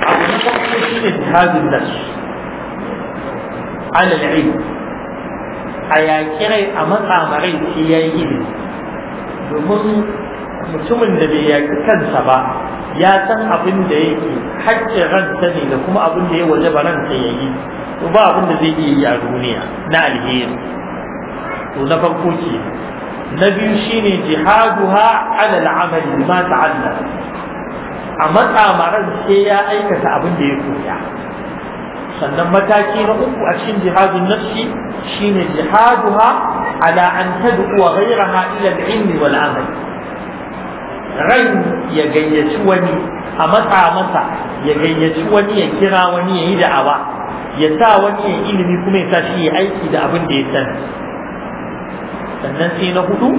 abu na farko shi ne tihadun nas a yaƙi rai a matsa marai ya yi domin mutumin da bai yaƙi kansa ba ya san abin da yake haƙƙin ranta ne da kuma abin da ya waje ba ranta ya yi ba abin da zai iya yi a duniya na alheri to na farko ke na biyu shine jihaduha ala al'amali ma Allah. a matsa maran sai ya aikata abin da ya koya sannan mataki na uku a cikin jihadun nafsi shine jihaduha ala an tad'u ghayraha ila al-ilmi wal amal rai ya gayyaci wani a matsa masa ya gayyaci wani ya kira wani ya yi da'awa ya sa wani ya ilimi kuma ya sa shi ya aiki da abin da ya sani sannan sai na hudu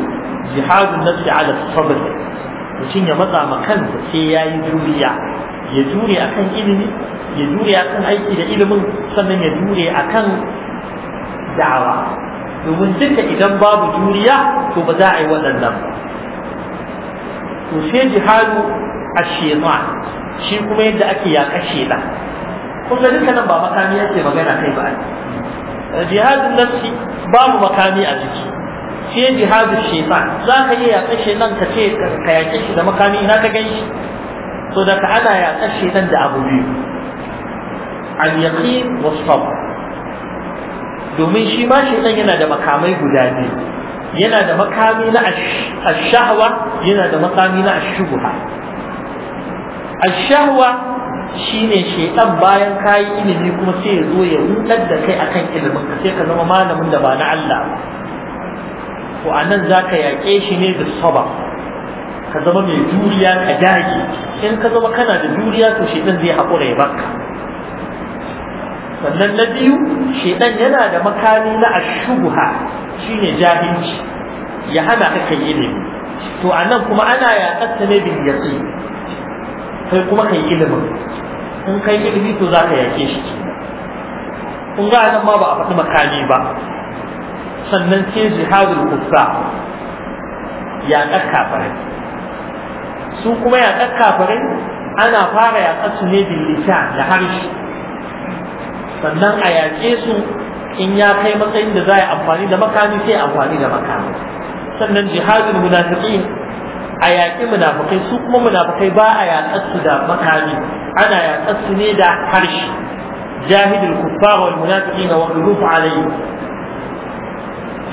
jihadun nafsi ala sabr mutum ya matsa ma kansa sai ya yi juriya ya jure akan ilimi ya jure akan aiki da ilimin sannan ya jure akan da'wa. domin duka idan babu juriya to ba za a yi waɗannan to sai jihadu a shema shi kuma yadda ake yaƙa shela kuma duka nan ba makami yake magana kai ba jihadun nafsi babu makami a jiki sai jihadu shaitan za ka iya yaƙar shaitan ka ce ka yaƙe shi da makami ina ka gan shi so da ka ana yaƙar shaitan da abu biyu al yaqin wa sabr domin shi ma shaitan yana da makamai guda biyu yana da makami na ash-shahwa yana da makami na ash-shubha ash-shahwa shine shedan bayan kayi ilimi kuma sai ya zo ya rudar da kai akan ilimin ka sai ka zama malamin da ba na Allah ba to a nan za ka yaƙe shi ne da saba ka zama mai juriya ka dage in ka zama kana da juriya to shaitan zai haƙura ya baka sannan na biyu shaitan yana da makami na ashubha shine jahilci ya hana ka kai ilimi to a nan kuma ana yaƙarta ne bil yaqin kai kuma kai ilimin in kai ilimi to za ka yaƙe shi kun ga anan ma ba a faɗi makami ba sannan sai jihadul kufra ya kafarai su kuma ya kafarai ana fara ya su ne lita da harshe sannan a yaƙe su in ya kai matsayin da za a amfani da makami sai amfani da makami sannan jihadul munafiqin a yaƙi munafikai su kuma munafikai ba a yaƙar su da makami ana yaƙar su ne da harshe jahidul kuffar wal munafiqina wa qulufu alayhi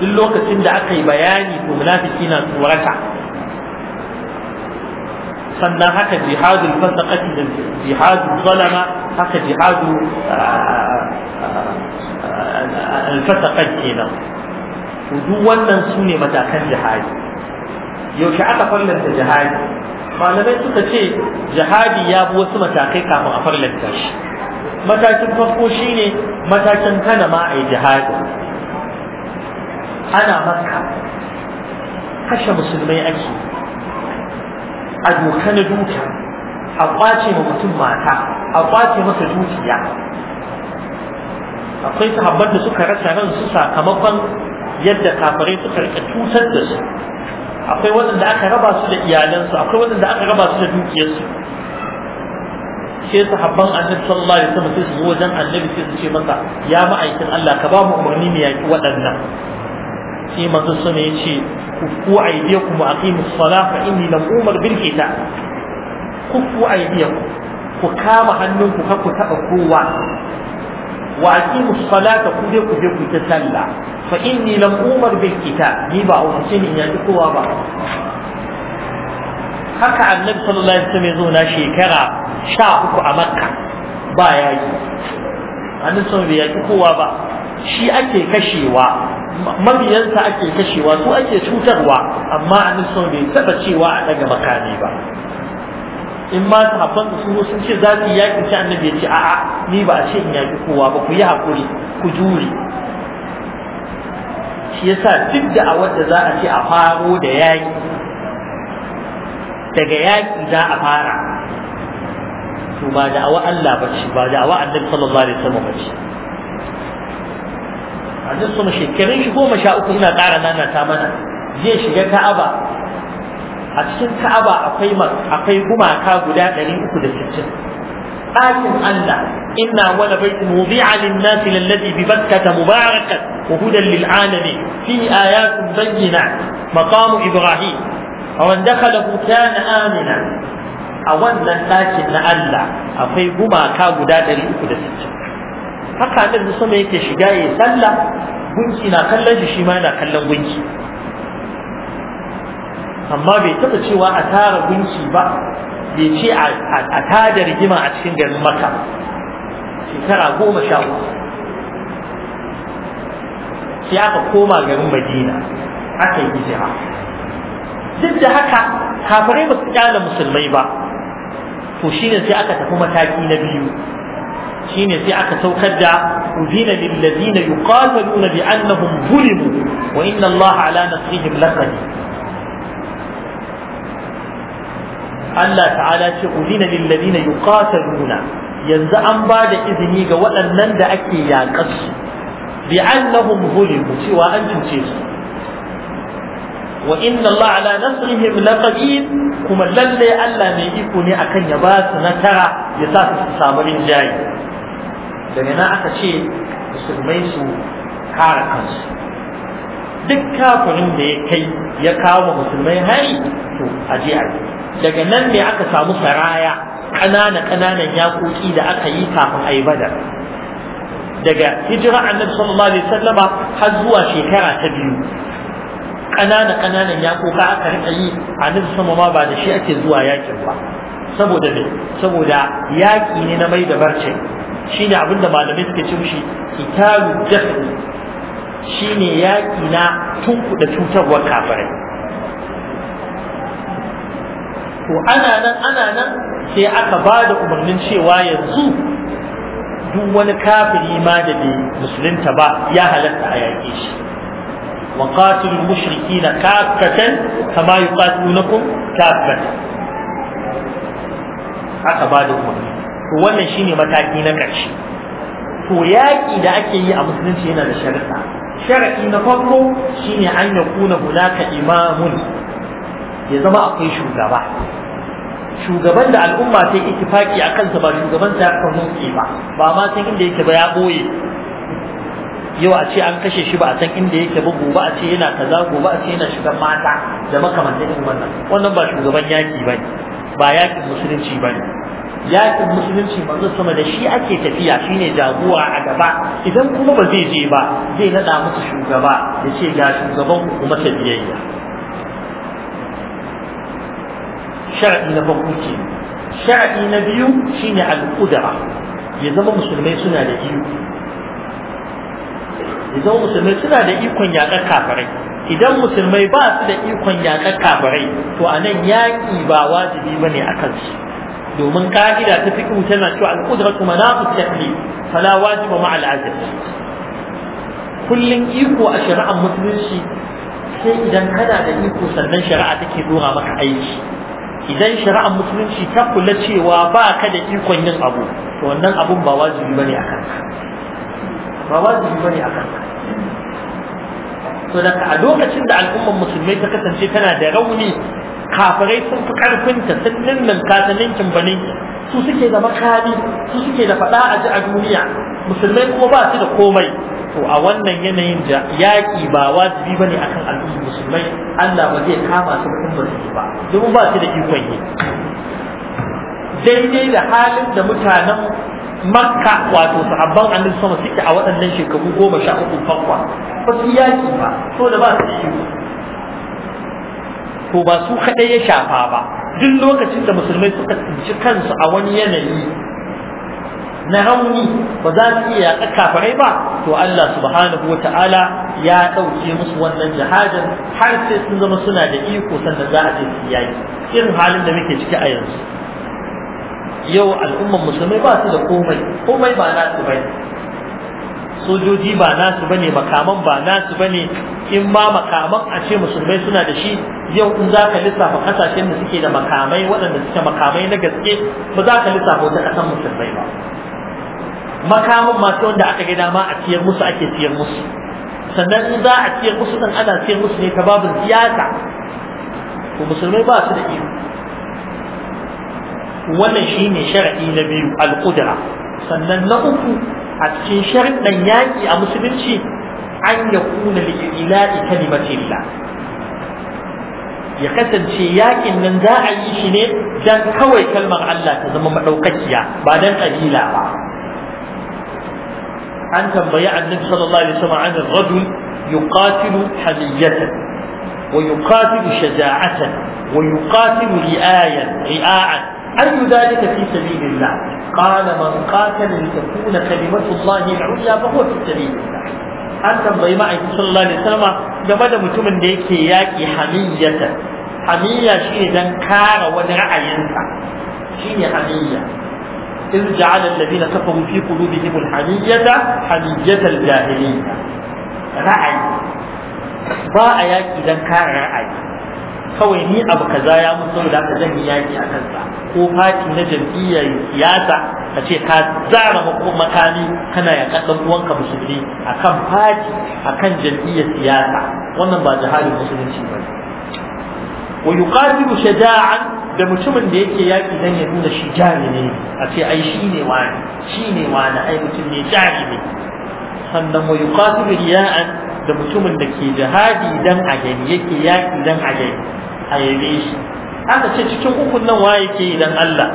duk lokacin da aka yi bayani ko munafiki na tsoraka sannan haka jihadul fasaqati da jihadul zalama haka jihadul fasaqati kenan duk wannan su ne matakan jihadi yaushe aka fallanta jihadi malamai suka ce jihadi ya bi wasu matakai kafin a fallanta shi matakin farko shine matakin kana ma a yi jihadi ana maka kashe musulmai ake a doka na duka a kwace ma mutum mata a kwace masa dukiya akwai sahabban da suka rasa ransu sakamakon yadda kafirai suka rika cutar da su akwai waɗanda aka raba su da iyalansu akwai waɗanda aka raba su da dukiyarsu sai sahabban annabi sallallahu alaihi wasallam sai su zo wajen annabi sai su ce masa ya ma'aikin Allah ka ba mu umarni mu yaki waɗannan sai manzo sama ya ce ku aydiyakum wa aqimus salah fa inni lam umar bil qital ku ku aydiyakum ku kama hannunku ka ku taba kowa wa aqimus salata ku je ku je ku ta sallah fa inni lam umar bil qital ni ba umarce ni ya ji kowa ba haka annabi sallallahu alaihi wasallam ya zo na shekara 13 a makka ba yayi annabi sallallahu alaihi wasallam bai yaki kowa ba shi ake kashewa mabiyansa ake kashewa su ake cutarwa amma a nisan bai taba cewa a daga makami ba in ma sahabban su sun ce za su yaƙi ci annabi ya ce a'a ni ba a ce in yaƙi kowa ba ku yi haƙuri ku jure shi yasa duk da a wanda za a ce a faro da yaƙi daga yaƙi za a fara to ba da awa Allah ba ce ba da awa annabi sallallahu alaihi wasallam ba ce annabi mu shekarun shi goma sha uku ina ƙara nana mana zai shiga ka'aba a cikin ka'aba akwai akwai gumaka guda ɗari uku da sittin ɗakin Allah inna wala baitin wudi'a lin-nas alladhi bi Bakkah mubarakan wa hudan lil-alamin fi ayatin bayyinat maqamu Ibrahim ومن دخله كان amina a wannan ɗakin na Allah akwai gumaka guda ɗari uku da sittin haka annabi sama yake shiga ya sallah gunki na kallon shi shi ma yana kallon gunki amma bai taɓa cewa a tara gunki ba bai ce a tada rigima a cikin garin maka shekara goma sha uku sai aka koma garin madina aka yi hijira duk da haka kafirai ba su kyala musulmai ba to shine sai aka tafi mataki na biyu shine sai aka saukar da udina lil ladina yuqataluna bi annahum zulimu wa inna allaha ala nasrihim laqadir Allah ta'ala ce udina lil ladina yuqataluna yanzu an ba da izini ga waɗannan da ake yaƙar su bi annahum zulimu cewa an cuce su wa inna Allah ala nasrihim laqadir kuma lalle Allah mai iko ne akan ya ba su tara ya sa su samu rinjaye daga na aka ce musulmai su kare kansu duk kafirin da ya kai ya kawo musulmai hari to a je a daga nan ne aka samu saraya ƙanana ƙananan yakoki da aka yi kafin a yi badar daga hijira annabi sallallahu alaihi wasallama har zuwa shekara ta biyu ƙanana ƙananan yakoka aka rika yi annabi sama ma ba da shi ake zuwa yakin ba saboda saboda yaƙi ne na mai da barcin shine abin da malamai suke ce mishi kitabu jahli shine yaƙi na tunkuɗa cutarwar kafirai to ana nan ana nan sai aka ba da umarnin cewa yanzu duk wani kafiri ma da bai musulunta ba ya halatta a yaƙe shi wa qatilul mushrikeena kaffatan kama yuqatilunakum kaffatan aka ba da umarni to wannan shine mataki na ƙarshe to yaƙi da ake yi a musulunci yana da shari'a shari'i na farko shine an ya kuna hunaka imamun ya zama akwai shugaba shugaban da al'umma ta ittifaki a kansa ba shugaban ta kan hunki ba ba ma san inda yake ba ya boye yau a ce an kashe shi ba a san inda yake ba gobe a ce yana kaza gobe a ce yana shigan mata da makamantan irin wannan wannan ba shugaban yaki ne. ba yakin musulunci bane yakin musulunci manzo sama da shi ake tafiya shine jagowa a gaba idan kuma ba zai je ba zai nada musu shugaba ya ce ga shugaban ku kuma ta biyayya sharadi na farko ke sharadi na biyu shine al-qudra ya zama musulmai suna da iko ya zama musulmai suna da ikon yaƙar kafirai idan musulmai ba su da ikon yaƙar kafirai to a nan yaƙi ba wajibi ba ne a kansu domin ka'ida ta fi fiqh tana cewa al-qudratu manaqu at-taklif fala wajiba ma'a al-'azm kullun iko a shari'ar musulunci sai idan kana da iko sannan shari'a take dora maka aiki idan shari'ar musulunci ta kula cewa ba ka da ikon yin abu to wannan abun ba wajibi bane a kanka ba wajibi bane a kanka to da a lokacin da al'ummar musulmai ta kasance tana da rauni kafirai sun fi karfinta sun ninninka ta ninkin baninki su suke da makami su suke da faɗa a ji a duniya musulmai kuma ba su da komai to a wannan yanayin da yaƙi ba wajibi bane akan al'ummar musulmai Allah ba zai kama su kun ba su ba domin ba su da ikon yi daidai da halin da mutanen makka wato sahabban annabi sama suke a waɗannan shekaru goma sha uku farkon ba su yaƙi ba so da ba su da iko to ba su kaɗai ya shafa ba duk lokacin da musulmai suka tsinci kansu a wani yanayi na rauni ba za su iya yaƙa kafirai ba to Allah subhanahu wata'ala ya ɗauke musu wannan jihadin har sai sun zama suna da iko sannan za a je su yaƙi irin halin da muke ciki a yanzu yau al'umman musulmai ba su da komai komai ba na su bai sojoji ba nasu ne makaman ba nasu bane in ma makaman a ce musulmai suna da shi yau in za ka lissafa kasashen da suke da makamai waɗanda suke makamai na gaske ba za ka lissafa wata ƙasar musulmai ba makaman masu wanda aka ga ma a ciyar musu ake ciyar musu sannan in za a ciyar musu ɗin ana ciyar musu ne ta babin siyasa to musulmai ba su da iko wannan ne shar'i na biyu al-qudra sannan na uku a cikin sharuɗan yaƙi a musulunci an ya kuna li'ila'i kalimatillah ya kasance yaƙin nan za a yi shi ne don kawai kalmar Allah ta zama maɗaukakiya ba don ƙabila ba an tambayi annabi sallallahu alaihi wasallam an rajul yuqatilu hamiyatan wa yuqatilu shaja'atan wa yuqatilu ri'ayan ri'a'an أي ذلك في سبيل الله قال من قاتل لتكون كلمة الله العليا فهو في سبيل الله an tambayi ma'aikin sallallahu alaihi wasallam game da mutumin da yake yaƙi hamiyyata hamiyya shine dan kare wani ra'ayinsa shine hamiyya إذ جعل الذين كفروا في قلوبهم الحمية حمية الجاهلية Ra'ayi ba a yaƙi dan kare ra'ayi kawai ni abu kaza ya mutu da aka zan yi yaki a kansa ko fati na jam'iyyar siyasa ka ce ka zara makami kana ya kaɗan uwanka musulmi akan fati akan jam'iyyar siyasa wannan ba jihadin musulunci ba wa yuqatilu shaja'an da mutumin da yake yaƙi dan ya nuna shi jari ne a ce ai shi ne wani shi ne wani ai mutum ne jari ne sannan wa yuqatilu riya'an da mutumin da ke jihadi dan a gani yake yaƙi dan a gani a yabe shi aka ce cikin ukun nan waye ke dan Allah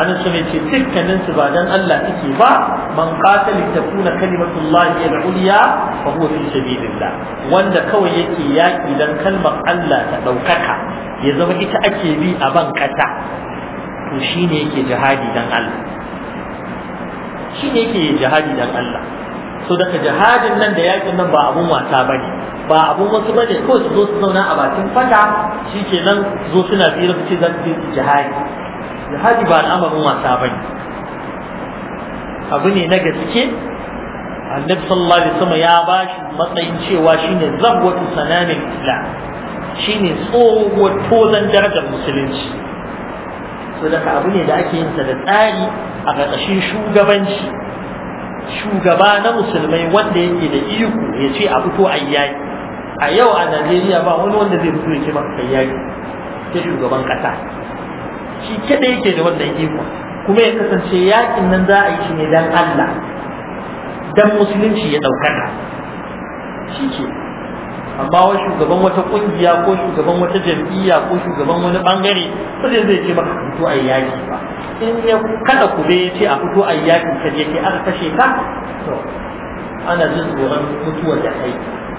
anan su ne ce dukkanin su ba dan Allah take ba man qatala takuna kalimatullahi al-ulya fa huwa fi sabilillah wanda kawai yake yaki dan kalmar Allah ta daukaka ya zama ita ake bi a ban kata to shine yake jihadi dan Allah shine yake jihadi dan Allah so daga jihadin nan da yakin nan ba abun wasa bane ba abun wasu bane ko su zo su zauna a bakin fata shi ke nan zo suna tsira su ce za su jihadi jihadi ba al'amarin wasa ne. abu ne na gaske annabi sallallahu alaihi wasallam ya bashi matsayin cewa shine zabwatu sanamin islam shine tsohuwar tozan darajar musulunci so daga abu ne da ake yin sa da tsari a ƙarƙashin shugabanci shugaba na musulmai wanda yake da iko ya ce a fito a yayi a yau a Najeriya ba wani wanda zai fito ya ce maka yayi sai shugaban kasa shi kada yake da wannan iko kuma ya kasance yakin nan za a yi shi ne dan Allah dan musulunci ya daukaka shi ke amma wani shugaban wata kungiya ko shugaban wata jam'iyya ko shugaban wani bangare sai zai ce maka fito a yayi in ya kada ku zai ce a fito a yakin ka je aka kashe ka to ana jin tsoron mutuwa da kai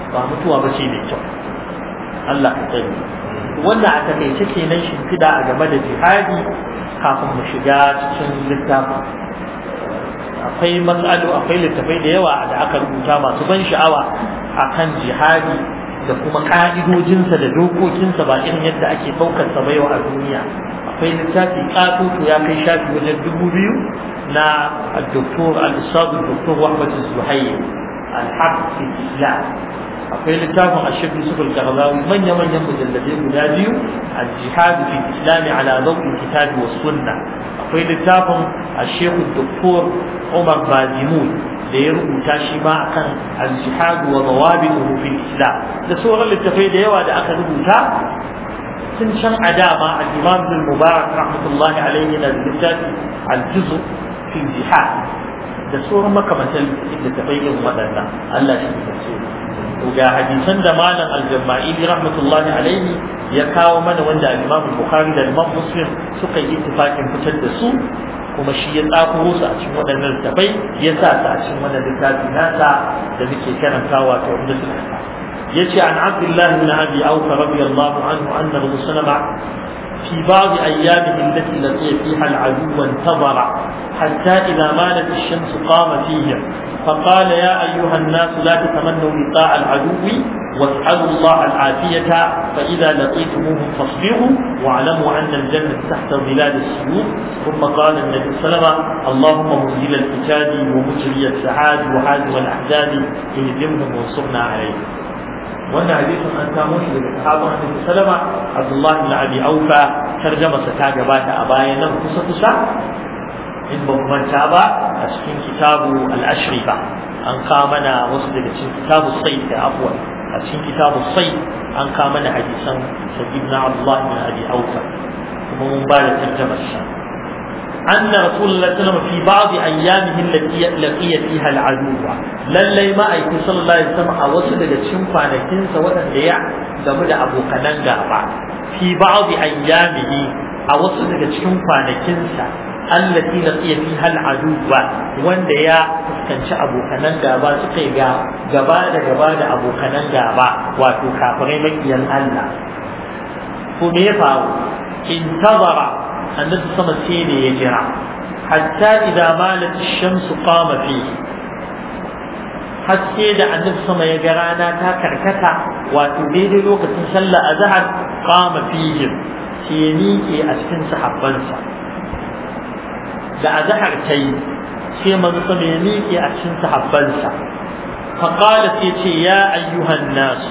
ba mutuwa ba ce mai kyau Allah ka tsare wanda a takaice kenan shimfida a game da jihadi kafin mu shiga cikin littafin akwai matsalo akwai littafai da yawa da aka rubuta masu ban sha'awa akan jihadi da kuma ƙa'idojinsa da dokokinsa ba irin yadda ake ɗaukar ba yau a duniya akwai littafi ƙatoto ya kai shafi wajen dubu biyu na doktor al-ustadu doktor wahbad zuhayyi al-hafiz islam akwai littafin ashir yusuf al-qardawi manya manyan mujalladai guda biyu al-jihad fi islam ala dawil kitabi was sunna akwai littafin ashir doktor umar bazimun da ya rubuta shi ma akan al-jihad wa dawabiquhu fil islam da sauran littafai da yawa da aka rubuta sun can a dama al-imam bin mubarak rahmatullahi alaihi na littafi al-juzu fil jihad da sauran makamantan littafai irin waɗannan Allah shi ya so ga hadisan da malam al-jama'ili rahmatullahi alaihi ya kawo mana wanda al-imam bukhari da imam muslim suka yi ittifaqin fitar da su kuma shi ya tsakuro su a cikin waɗannan littafai ya sa su a cikin wannan littafi nasa da muke karanta ta wanda suka ya ce an abdullahi bin abi auka radiyallahu anhu annabi sallama fi ba'd ayyamihi allati laqiya fiha al-adu wa hatta idha malat ash-shams qama fihim فقال يا أيها الناس لا تتمنوا لقاء العدو واسألوا الله العافية فإذا لقيتموهم فاصبروا واعلموا أن الجنة تحت ظلال السيوف ثم قال النبي صلى الله عليه وسلم اللهم مزيل الكتاب ومجري السعاد وهازم الأحزاب اهزمهم وانصرنا عليهم wannan hadisin an samo shi daga sahabban Annabi sallama Abdullah ibn Abi Aufa tarjama ta gabata a baya nan kusa kusa in ba manta ba a cikin kitabu al ba. an kamana wasu daga cikin kitabu sai da afwan a cikin kitabu sai an kamana hadisan sayyidina Abdullah bin Abi Aufa kuma mun ba da tarjumar sa أن رسول الله صلى الله عليه وسلم في بعض أيامه sallallahu alaihi wa العدو a wasu daga cikin الله sa wadanda ya للشنفة da سواء gaba. Fi أبو قنان a wasu daga cikin للشنفة sa. allati laqiya fiha al'aduwa wanda ya fuskanci abokanan gaba suka ga gaba da gaba da abokanan gaba wato kafirai makiyan Allah ko me ya faru tabara annabi sama sai ne ya jira hatta idza malat ash-shamsu qama fihi haske da annabi sama ya ga rana ta karkata wato daidai lokacin sallah azhar qama fihim sai miƙe a cikin sahabbansa da azhar ta yi sai manzo sama ya miƙe a cikin sahabbansa fa qala sai ce ya ayyuhan nas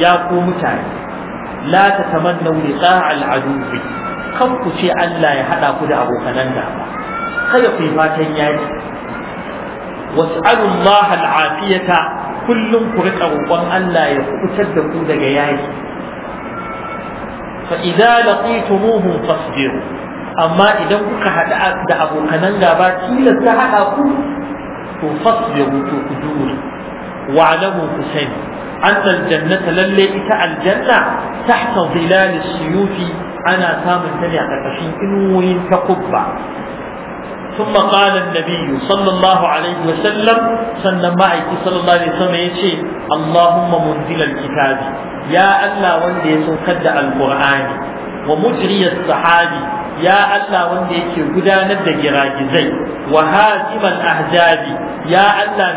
ya ku mutane la tatamannu liqa'a al'adu aduwi kan ku ce Allah ya hada ku da abokanan gaba kada ku yi fatan yayi was'alu Allah al kullum ku rika roƙon Allah ya kutar da ku daga yaki fa idza laqitumuhum fasbiru amma idan kuka haɗa da abokanan gaba tilasta haɗa ku to fasbiru to ku jure wa alamu ku sani An jannata lalle ita aljanna tahta zilal suyufi ana samun ta ne a ƙarƙashin inuwoyin takubba ثم قال النبي صلى الله عليه وسلم سنن معك صلى الله عليه وسلم يشي اللهم منزل الكتاب يا الله وندي سوكد القرآن ومجري الصحابي ya Allah wanda yake gudanar da giragizai wa haziman ahzabi ya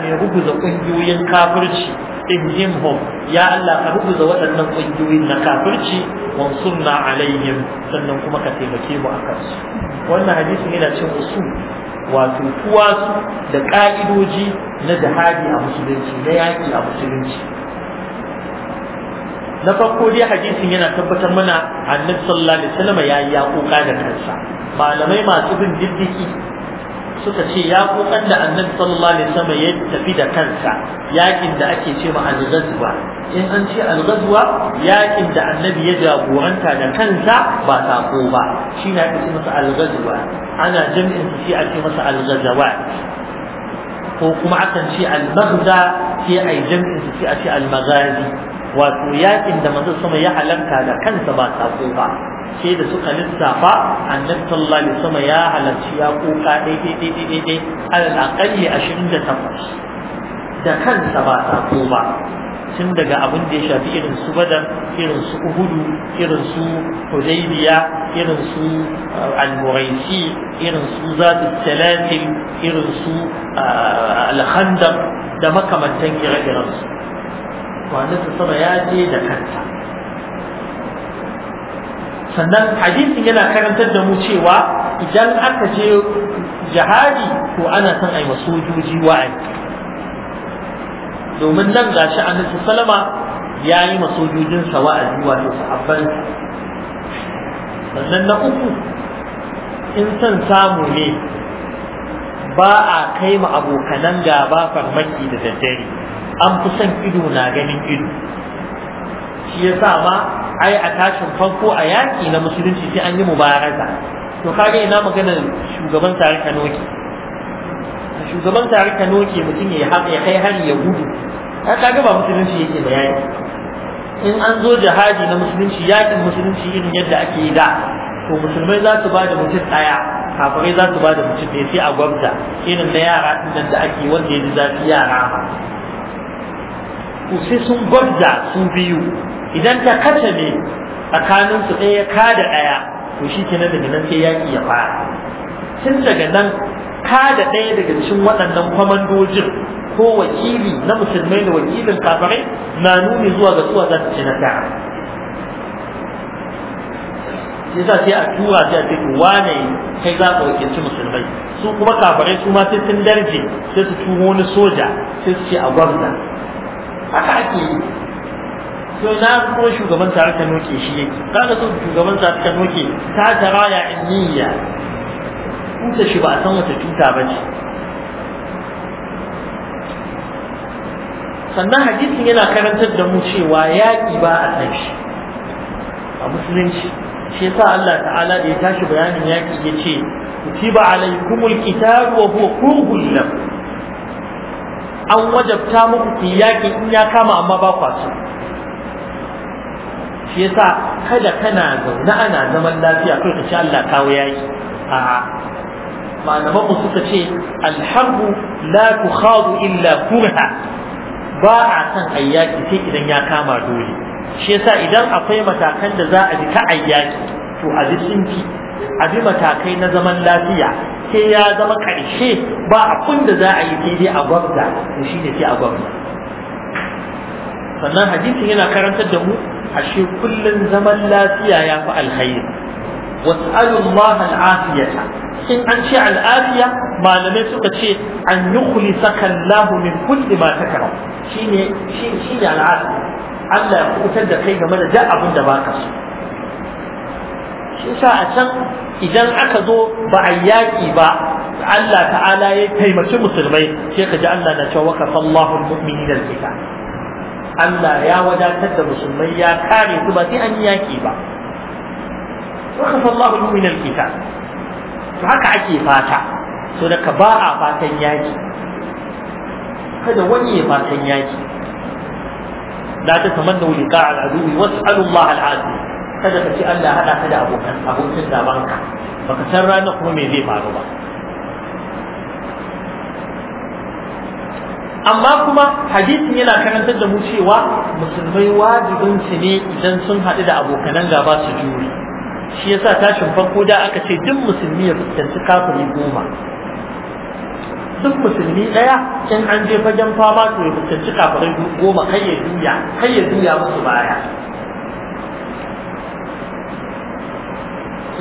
mai ruguza kungiyoyin kafirci ihjimhum ya Allah ka ruguza waɗannan kungiyoyin na kafirci wansurna alaihim sannan kuma ka taimake mu akan su wannan hadisin yana cin usul wato kuwasu da ka'idoji na jihadi a musulunci na yaƙi a musulunci na farko dai hadisin yana tabbatar mana annabi sallallahu alaihi wasallam ya yi yaƙoƙa da kansa malamai masu bin diddiki suka ce ya kuka da annabi sallallahu alaihi wasallam ya tafi da kansa Yakin da ake ce ma al-ghazwa in an ce al-ghazwa yaƙin da annabi ya jagoranta da kansa ba ko ba shi na ake masa al-ghazwa ana jami'in shi ake masa al-ghazawat ko kuma akan ce al-maghza sai ai jami'in sai a ce al-maghazi wato yakin da manzo sama ya halarta da kansa ba sako ba sai da suka lissafa annabi sallallahu alaihi wasallam ya halarci ya kuka dai dai dai dai dai alal aqalli 28 da kansa ba sako ba tun daga abin da ya shafi irin su badar irin su uhudu irin su hudaybiya irin su uh, al-muraisi irin su zatu salatin irin su uh, al-khandaq da makamantan ire-iren su manzon sama ya je da kanta sannan hadisin yana karantar da mu cewa idan aka je jihadi to ana son a yi sojoji wa'azi domin nan gashi annabi salama ya yi masojojinsa wa'azi wato sahabban sannan na uku in son samu ne ba a kai ma abokanan gaba farmaki da daddare an fi son ido na ganin ido shi ya sa ma ai a tashin farko a yaƙi na musulunci sai an yi mubaraka to kage ina magana shugaban tare Kano ke shugaban tare Kano ke mutum ya kai hari ya gudu ka kaga ba musulunci yake bayani in an zo jihadi na musulunci yaƙin musulunci irin yadda ake yi da to musulmai za su ba da mutum ɗaya kafirai za su ba da mutum ɗaya sai a gwamta irin na yara ɗin da ake wanda ya ji zafi yara ma to sai sun gwabda su biyu idan ta kace ne tsakanin su ɗaya ka da ɗaya to shi nan daga nan sai yaƙi ya fara tun daga nan ka da ɗaya daga cikin waɗannan kwamandojin ko wakili na musulmai da wakilin kafirai na nuni zuwa ga suwa zan ci na sai za sai a tura sai a ce to wane kai za ka wakilci musulmai su kuma kafirai su ma sai sun darje sai su tuho wani soja sai su ce a gwamna haka ake yi to na kuma shugaban sa aka noke shi yake kaga so shugaban sa aka noke ta taraya inniya tuta shi ba san wata tuta ba ce sannan hadisin yana karantar da mu cewa yaƙi ba a san shi a musulunci shi yasa Allah ta'ala da ya tashi bayanin yaƙi ya ce kutiba alaikumul kitabu wa huwa kurhul lakum an wajabta muku ku yaƙi in ya kama amma ba kwa so shi yasa kada kana zaune ana zaman lafiya kai ka ci Allah kawo yaƙi a'a malaman suka ce alharbu la tukhadu illa kurha ba a san ayyaki sai idan ya kama dole shi yasa idan akwai matakan da za a bi ka ayyaki to a bi sun fi a bi matakai na zaman lafiya sai ya zama ƙarshe ba abin da za a yi daidai a gwamna to shi ne sai a gwamna. sannan hadisin yana karantar da mu ashe kullum zaman lafiya ya fi alkhairi was'alu al'afiyata in an ce al'afiya malamai suka ce an yukhlisaka Allah min kulli ma takrahu shi ne al'afiya Allah ya kutar da kai game da duk abin da baka so shi sa a can idan aka zo ba a yaƙi ba Allah ta'ala ya taimaki musulmai sai ka ji Allah na cewa waka sallahu al-mu'minina al-qita Allah ya wadatar da musulmai ya kare su ba sai an yaƙi ba waka sallahu al-mu'minina al-qita to haka ake fata so da ka ba a fatan yaƙi kada wani ya fatan yaƙi la tatamannu liqa al-aduwi was'alu Allah al-afiya kada ka ce Allah haɗa ka da abokan abokin gabanka baka san ranar kuma me zai faru ba amma kuma hadisin yana karantar da mu cewa musulmai wajibin su ne idan sun haɗu da abokanan gaba su jure shi yasa tashin farko da aka ce duk musulmi ya fuskanci kafiri goma duk musulmi ɗaya in an je fagen fama to ya fuskanci kafirai goma kai ya juya kai ya juya musu baya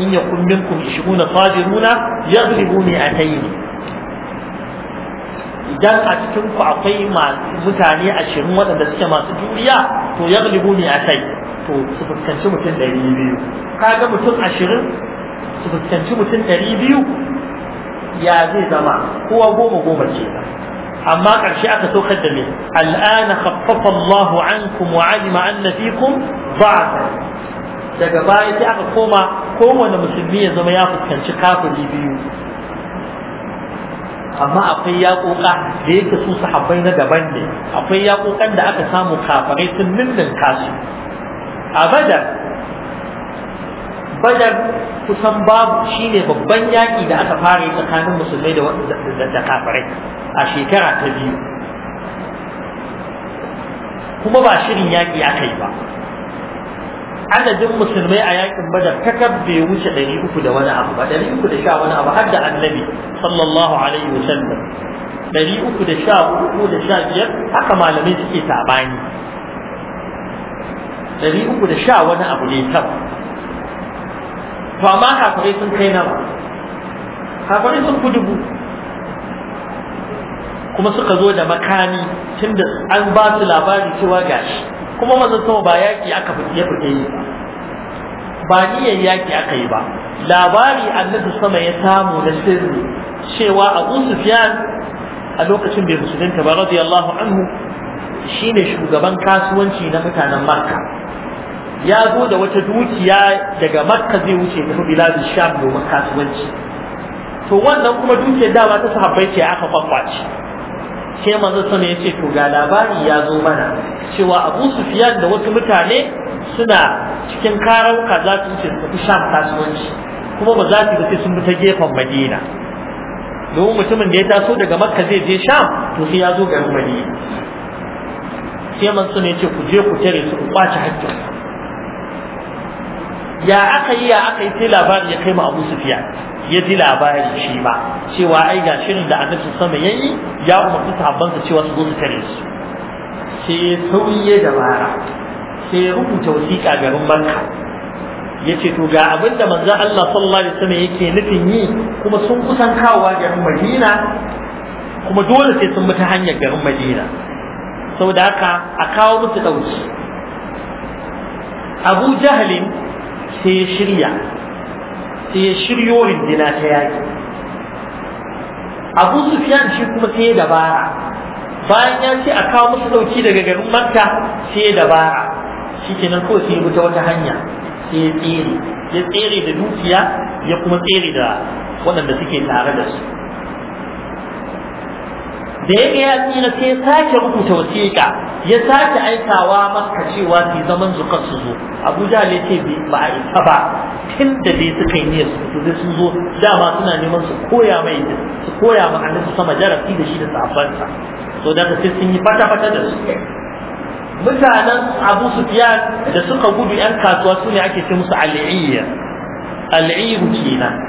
in yakun minkum 20 sabiruna yaghlibu mi'atayn idan a cikin ku akwai mutane ashirin waɗanda suke masu juriya to yaghlibu mi'atayn to su fuskanci mutum ɗari 200 kaga mutum ashirin, su fuskanci mutum ɗari biyu, ya zai zama kowa goma goma ce amma ƙarshe aka saukar da me al'ana khaffafa Allahu ankum wa alima anna fikum ba'da daga baya sai aka koma kowane musulmi ya zama ya fuskanci kafiri biyu amma akwai yaƙoƙa da yake su sahabbai na daban ne akwai yaƙoƙan da aka samu kafirai sun ninnin kasu a badar badar kusan babu shine babban yaƙi da aka fara yi tsakanin musulmai da kafirai a shekara ta biyu kuma ba shirin yaƙi aka yi ba adadin musulmai a yakin badar kakab bai wuce ɗari uku da wani abu ba ɗari uku da sha wani abu har da annabi sallallahu alaihi wa sallam ɗari uku da sha uku da sha biyar haka malamai suke saɓani ɗari uku da sha wani abu ne tab to amma kafirai sun kai nawa kafirai sun fi dubu kuma suka zo da makami tunda an ba su labari cewa gashi kuma manzon sama ba yaƙi aka fice fice yi ba niyan yaki aka yi ba labari annabi sama ya samu na sirri cewa Abu Sufyan a lokacin bai musulunta ba radiyallahu anhu shine shugaban kasuwanci na mutanen Makka ya zo da wata dukiya daga Makka zai wuce tafi biladun Sham domin kasuwanci to wannan kuma dukiyar dama ta sahabbai ce aka kwakwace sai manzo sama ya ce to ga labari ya zo mana cewa Abu Sufyan da wasu mutane suna cikin karauka za su ce su fi shan kasuwanci kuma ba za su ba sai sun bi ta gefen Madina domin mutumin da ya taso daga Makka zai je sham to sai ya zo ga Madina sai manzo ne ya ce ku je ku tare su ku kwace hakkin ya aka yi ya aka yi sai labari ya kai ma Abu Sufyan ya ji labari shi ba cewa ai ga shirin da annabi sama yayi ya umarci sahabbansa cewa su wasu su tare su sai sauye dabara sai ya rubuta wasiƙa garin Makka yace to ga abinda manzon Allah sallallahu alaihi wasallam yake nufin yi kuma sun kusan kawowa garin Madina kuma dole sai sun bi ta hanyar garin Madina saboda haka a kawo musu dauki Abu Jahlin sai ya shirya sai ya shiryo rindina ta yaki abu sufiyan shi kuma sai ya dabara bayan ya ce a kawo musu dauki daga garin makka sai ya dabara shi nan kawai sai ya ta wata hanya sai ya tsere ya tsere da dukiya ya kuma tsere da waɗanda suke tare da su da ya ga ya tsira sai ya sake rubuta wasiƙa ya sake aikawa maka cewa su zaman zukar su zo abuja ne ce ba a isa ba tun da dai suka yi niyyar su fito sai sun zo dama suna neman su koya mai su koya ma su sama jarabi da shi da safansa so da sai sun yi fata-fata da su mutanen abu sufiyan da suka gudu yan kasuwa su ne ake ce musu al'iyya al'iyu kenan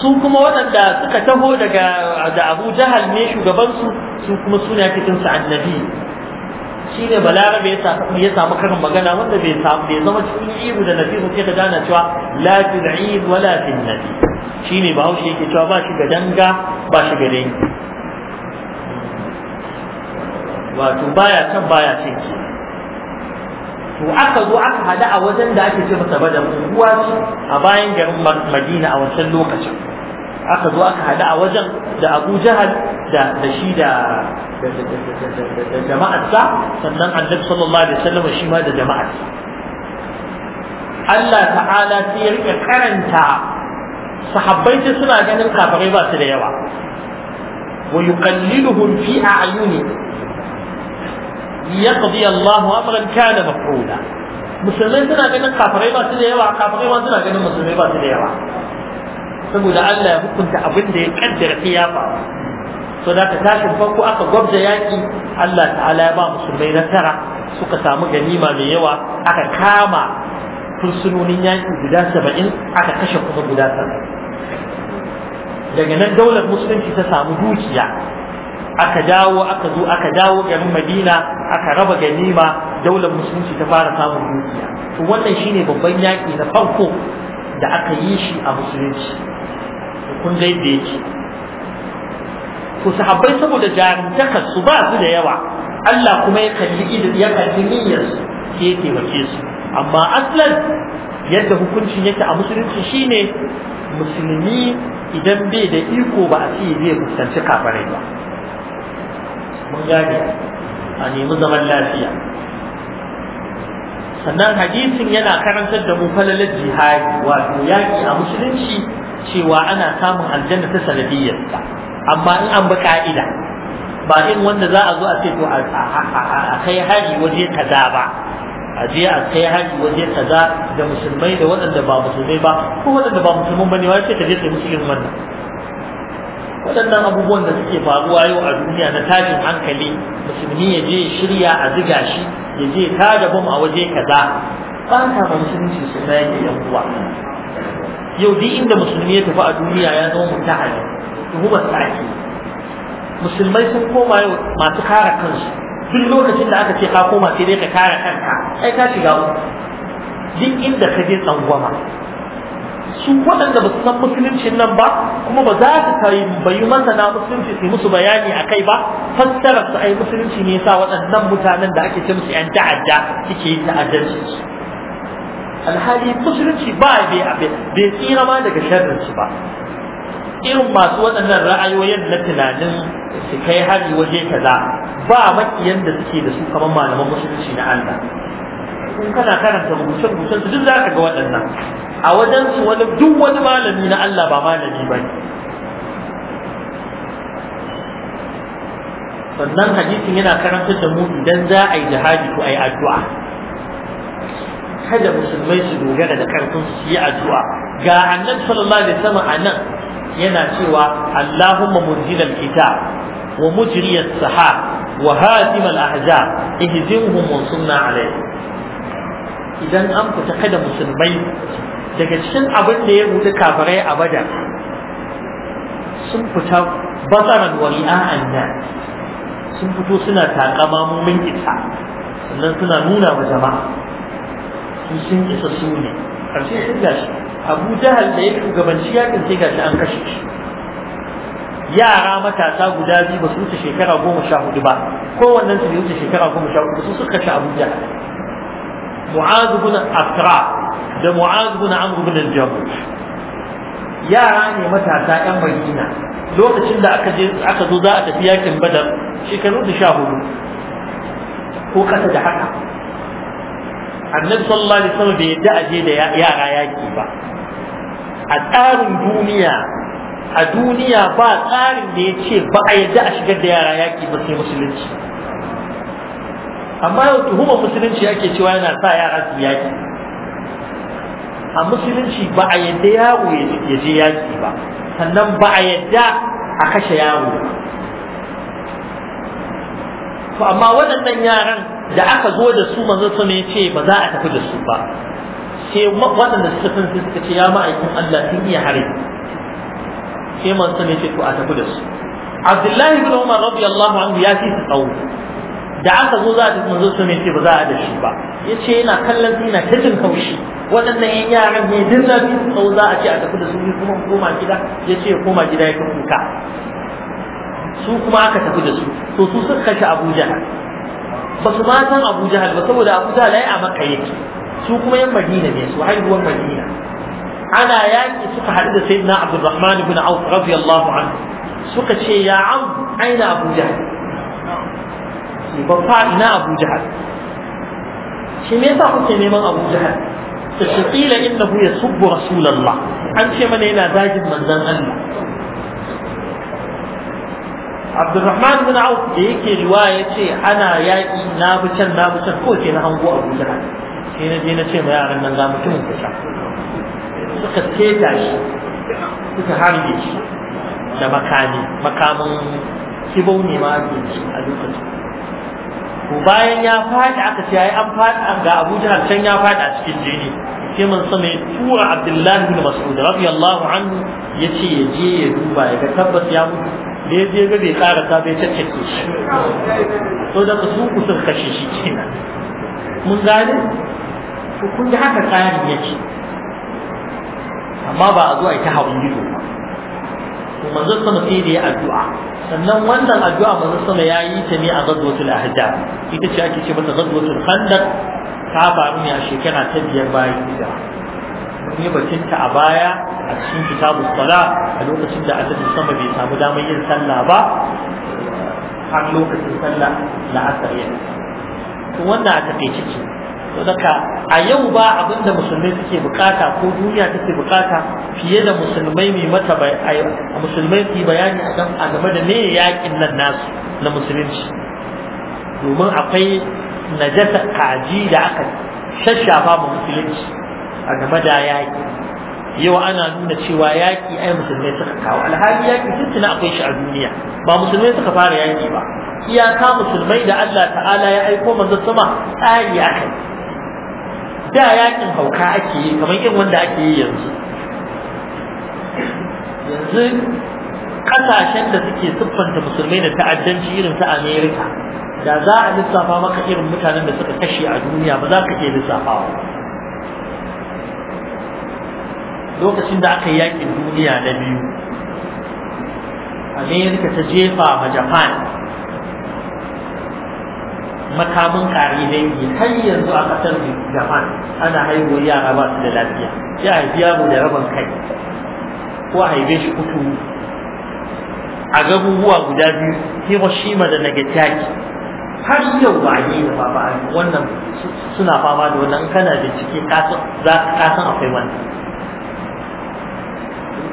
su kuma waɗanda suka taho daga da abu jahal ne shugabansu su kuma suna cikin su annabi shi ne balarabe ya samu karin magana wanda bai samu bai zama cikin ibu da nabi sai ka gane cewa la fil id wala fil nabi shi ne bahaushe yake cewa ba shi ga danga ba shi ga dai wato baya can baya cikin to aka zo aka hada a wajen da ake ce masa badar unguwa ce a bayan garin madina a wancan lokacin aka zo aka hada a wajen da abu jahal da shi da da jama'arsa sannan annabi sallallahu alaihi wasallam shi ma da jama'arsa Allah ta'ala sai ya rike karanta sahabbai sai suna ganin kafirai ba su da yawa wa yuqalliluhum fi a'yuni yaqdi Allahu amran kana maf'ula musulmai suna ganin kafirai ba su da yawa kafirai ma suna ganin musulmai ba su da yawa saboda Allah ya hukunta abin da ya kaddara sai ya faru to da ka tashin farko aka gwabza yaki Allah ta'ala ya ba musulmai nasara suka samu ganima mai yawa aka kama fursunonin yaki guda saba'in aka kashe kuma guda saba'in daga nan daular musulunci ta samu dukiya aka dawo aka zo aka dawo garin madina aka raba ganima daular musulunci ta fara samun dukiya to wannan shine babban yaƙi na farko da aka yi shi a musulunci kun ga yadda yake to sahabbai saboda jarumtakar su ba su da yawa Allah kuma ya kalli ya kalli niyyar su ke taimake su amma aslan yadda hukuncin yake a musulunci shine musulmi idan bai da iko ba a ce zai fuskanci kafirai ba mun gane a nemi zaman lafiya sannan hadisin yana karantar da mu falalar jihadi wato yaƙi a musulunci cewa ana samun aljanna ta sanadiyyarsa amma in an bi ka'ida ba in wanda za a zo a ce to a kai haji waje kaza ba a je a kai haji waje kaza da musulmai da waɗanda ba musulmai ba ko waɗanda ba musulmai ba ne wa ce ka je sai musulmin wannan waɗannan abubuwan da suke faruwa yau a duniya na tashin hankali musulmi ya je shirya a ziga shi ya je ta bom a waje kaza ba ta ma musulunci suna yake yan uwa yau duk inda musulmi ya tafi a duniya ya zama mutahali tuhumar sa ake musulmai sun koma yau masu kare kansu duk lokacin da aka ce ka koma sai dai ka kare kanka ai ka shiga duk inda ka je tsangwama su waɗanda ba su san musuluncin nan ba kuma ba za su bayu masana musulunci su musu bayani a kai ba fassarar su ai musulunci ne sa waɗannan mutanen da ake ce musu yan ta'adda suke yin ta'addanci alhali musulunci ba bai bai tsira ma daga sharrin su ba irin masu waɗannan ra'ayoyin na tunanin su kai hari waje kaza ba makiyan da suke da su kamar malaman musulunci na Allah in kana karanta rubuce-rubucen duk za ka ga waɗannan a wajen su wani duk wani malami na Allah ba malami ba ne sannan hadisin yana karantar da mu idan za a yi jihadi ko a yi addu'a kada musulmai su dogara da karfin su yi addu'a ga annan sallallahu alaihi sama a nan yana cewa Allahumma munzilal kitab wa mujriyas saha, wa hadimal ahza ihzimhum wa sunna alaihi idan an fita kada musulmai daga cikin abin da ya rudu kafirai a badar sun fita batsaran wari'a anna sun fito suna takama mumin isa sannan suna nuna wa jama'a sun sun isa su ne karshe sun gashi abu jahal da ya shugabanci yakin sai gashi an kashe shi yara matasa guda biyu ba su wuce shekara goma sha hudu ba kowannen su bai wuce shekara goma sha hudu su suka kashe abu jahal mu'az ibn da mu'az ibn amr ibn al yara ne matasa yan madina lokacin da aka zo za a tafi yakin badar shekaru da sha hudu ko kasa da haka annabi sallallahu alaihi wasallam bai yadda aje da yara yaki ba a tsarin duniya a duniya ba tsarin da ya ce ba a yarda a shigar da yara yaki ba sai musulunci amma yau tuhumar musulunci ake cewa yana sa yara su yaki a musulunci ba a yadda yawo ya je yaki ba sannan ba a yadda a kashe yawo. to amma waɗannan yaran da aka zo da su manzo su ne ce ba za a tafi da su ba sai waɗanda suka san su suka ce ya ma'aikin Allah sun iya hare sai manzo ne ce to a tafi da su Abdullahi bin Umar radiyallahu anhu ya fi su tsawo da aka zo za a tafi manzo sun ce ba za a da shi ba ya ce yana kallon zina yana ta jin haushi waɗannan yan yaran ne duk na su tsawo za a ce a tafi da su ne kuma koma gida ya ce koma gida ya fi kuka su kuma aka tafi da su to su suka kashe Abuja jahal ba su ma san Abuja jahal ba saboda Abuja jahal ai a maka yake su kuma yan madina ne su haihuwar madina ana yaƙi suka haɗu da sayyidina abdurrahman ibn auf radiyallahu anhu suka ce ya am aina Abuja. fa ina abu jahal shi me yasa kuke neman abu jahal ta shi kila innahu yasubbu rasulullah an ce mana yana zagin manzan Allah Abdurrahman bin Auf da yake ya ce ana yaƙi na bi can na bi can ko na hango Abu Jahal sai na je na ce ma yaran nan ga mutumin ku can suka keta shi suka harbe shi da makami makamin kibau ne ma a lokacin ko bayan ya faɗi aka ce yayi an faɗi ga Abu Jahal can ya faɗi a cikin jini sai man sama ya tura Abdullah bin Mas'ud radiyallahu anhu yace ya je ya duba ya ga tabbas ya mutu da ya je ga bai tsara ta bai caccake shi so da su ku sun kashe shi kenan mun gane ku kun ji haka tsarin yake amma ba a zo a yi ta hawan gido ba to manzon sama sai da ya addu'a sannan wannan addu'a manzo sama yayi ta ne a ghazwatul ahzab ita ce ake ce mata ghazwatul khandaq ta faru ne a shekara ta biyar bayan hijira mun yi batun ta a baya a cikin kitabus sala a lokacin da annabi sama bai samu damar yin sallah ba har lokacin sallah la'asar yana to wannan a takaice ce daga a yau ba abin da musulmai suke bukata ko duniya take bukata fiye da musulmai mai mata a yau. musulmai su bayani a kan a game da me yakin nan nasu na musulunci domin akwai najasa kaji da aka shashafa ma musulunci a game da yaki yau ana nuna cewa yaki ai musulmai suka kawo alhali yaki tuntuna akwai shi a duniya ba musulmai suka fara yaki ba iyaka musulmai da Allah ta'ala ya aiko manzo sama tsari akai da yakin hauka ake yi kamar irin wanda ake yi yanzu yanzu kasashen da suke siffanta musulmai da ta'addanci irin su Amerika da za a lissafa maka irin mutanen da suka kashe a duniya ba za ka iya lissafawa lokacin da aka yi yakin duniya na biyu Amerika ta jefa ma Japan makamin kare dangi har yanzu a kasar japan ana haihuwar yara ba su da lafiya ya haifi yaro da rabon kai ko a haife shi kutu a gabubuwa guda biyu hiroshima da nagasaki har yau ba a yi da ba wannan suna fama da wannan kana da ciki ka san akwai wannan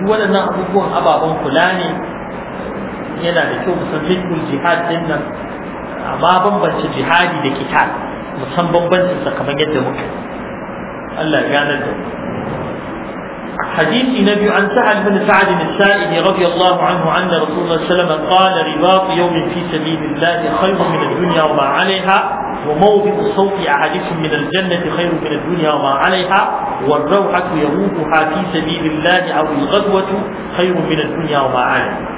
waɗannan abubuwan ababen kula ne yana da kyau musamman jihad din nan amma bambancin jihadi da kitab musan bambancin sa kamar yadda muka Allah ya nan da حديث نبي عن سعد بن سعد السائد رضي الله عنه أن رسول الله صلى الله عليه وسلم قال رباط يوم في سبيل الله خير من الدنيا وما عليها وموضع صوت أحدكم من الجنة خير من الدنيا وما عليها والروحة يروحها في سبيل الله أو الغدوة خير من الدنيا وما عليها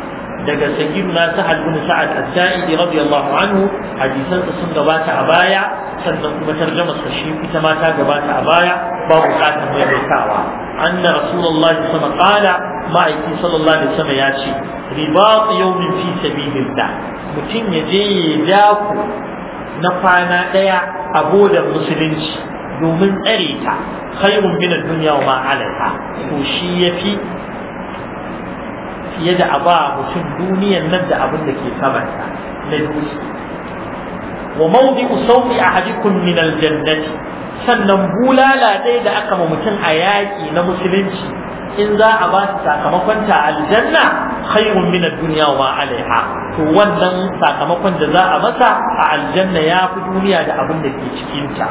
daga na sahal bin sa'ad as-sa'idi radiyallahu anhu hadisan sun gabata a baya sannan kuma tarjama sa shi ita ma ta gabata a baya ba bukatar maimaitawa anna rasulullahi sallallahu alaihi qala ma'aiki sallallahu alaihi wasallam ya ce ribat yawmin fi sabilillah mutum ya je ya daku na kwana daya a bodan musulunci domin tsare ta khairun min ad-dunya wa ma 'alayha to shi yafi fiye da a ba mutum duniyan nan da abin da ke samanta na dutse wa mawdi usawti a min jannati, sannan bulala dai da aka ma mutum a yaƙi na musulunci in za a ba su sakamakon ta aljanna khairun min ad-dunya wa alaiha to wannan sakamakon da za a masa a aljanna ya fi duniya da abin da ke cikin ta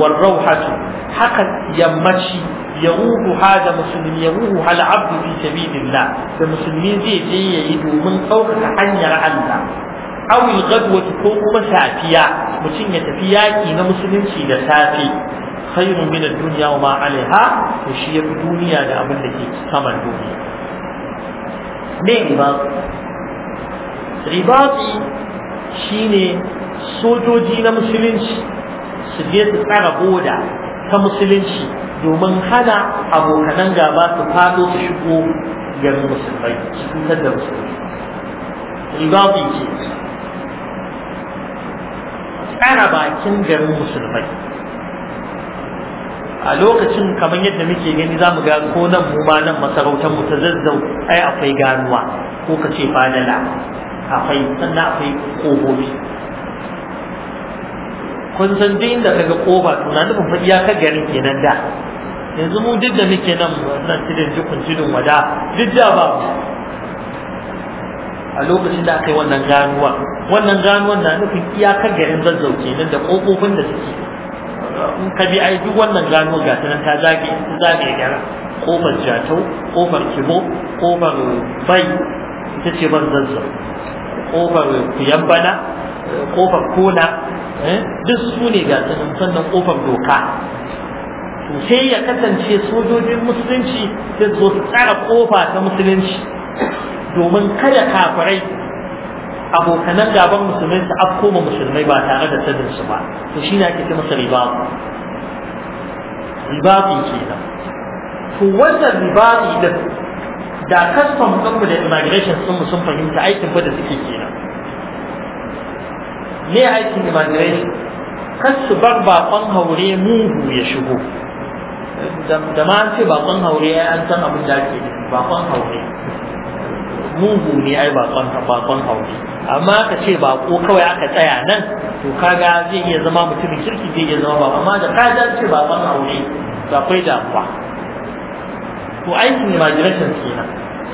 war rauhatu haka yammaci yaruhu hada musulmi yaruhu hal abdu fi sabilillah da musulmi zai je yayi domin ɗaukaka hanyar Allah aw al-ghadwati ko kuma safiya mutum ya tafi yaƙi na musulunci da safe khairun min ad-dunya wa ma 'alayha to shi yafi duniya da abin da ke saman duniya ne riba ribati shine sojoji na musulunci su je su tsara boda ta musulunci domin hana abokanan gaba su fado su shigo garin musulmai su cutar da musulmai ribabi ce tsara bakin garin musulmai a lokacin kamar yadda muke gani za mu ga ko nan mu ma nan masarautar mu ta zazzau ai akwai ganuwa ko ka ce falala akwai sannan akwai kobobi kun san duk inda kaga koba to na nufin fa iyaka garin kenan da yanzu mu duk da muke nan nan tudun jukun tudun wada duk da ba a lokacin da aka yi wannan ganuwa wannan ganuwan na nufin iyakar garin zazzau kenan da kofofin da suke in ka bi ai duk wannan ganuwa ga ta nan ta zage zage gara kofar jatau kofar kibo kofar bai ita ce ban zazzau kofar kuyambana kofar kona Eh? duk su ne ga sannan kofar doka to sai ya kasance sojojin musulunci sai zo su tsara kofa ta musulunci domin kada kafirai abokanan gaban musulmai su afko ma musulmai ba tare da sanin su ba to shi na ake ce masa ribatu ke kenan to wannan Ribabu da da kasfan ɗinmu da immigration ɗinmu sun fahimta aikin ba da suke kenan Ne aikin immigration kan su bar bakon haure mugu ya shigo da ma an ce bakon haure ya an san abin da ake bakon haure mugu ne ai bakon bakon haure amma ka ce bako kawai aka tsaya nan to kaga zai iya zama mutumin kirki zai iya zama ba amma da ka ce bakon haure ba kai damuwa to aikin immigration kenan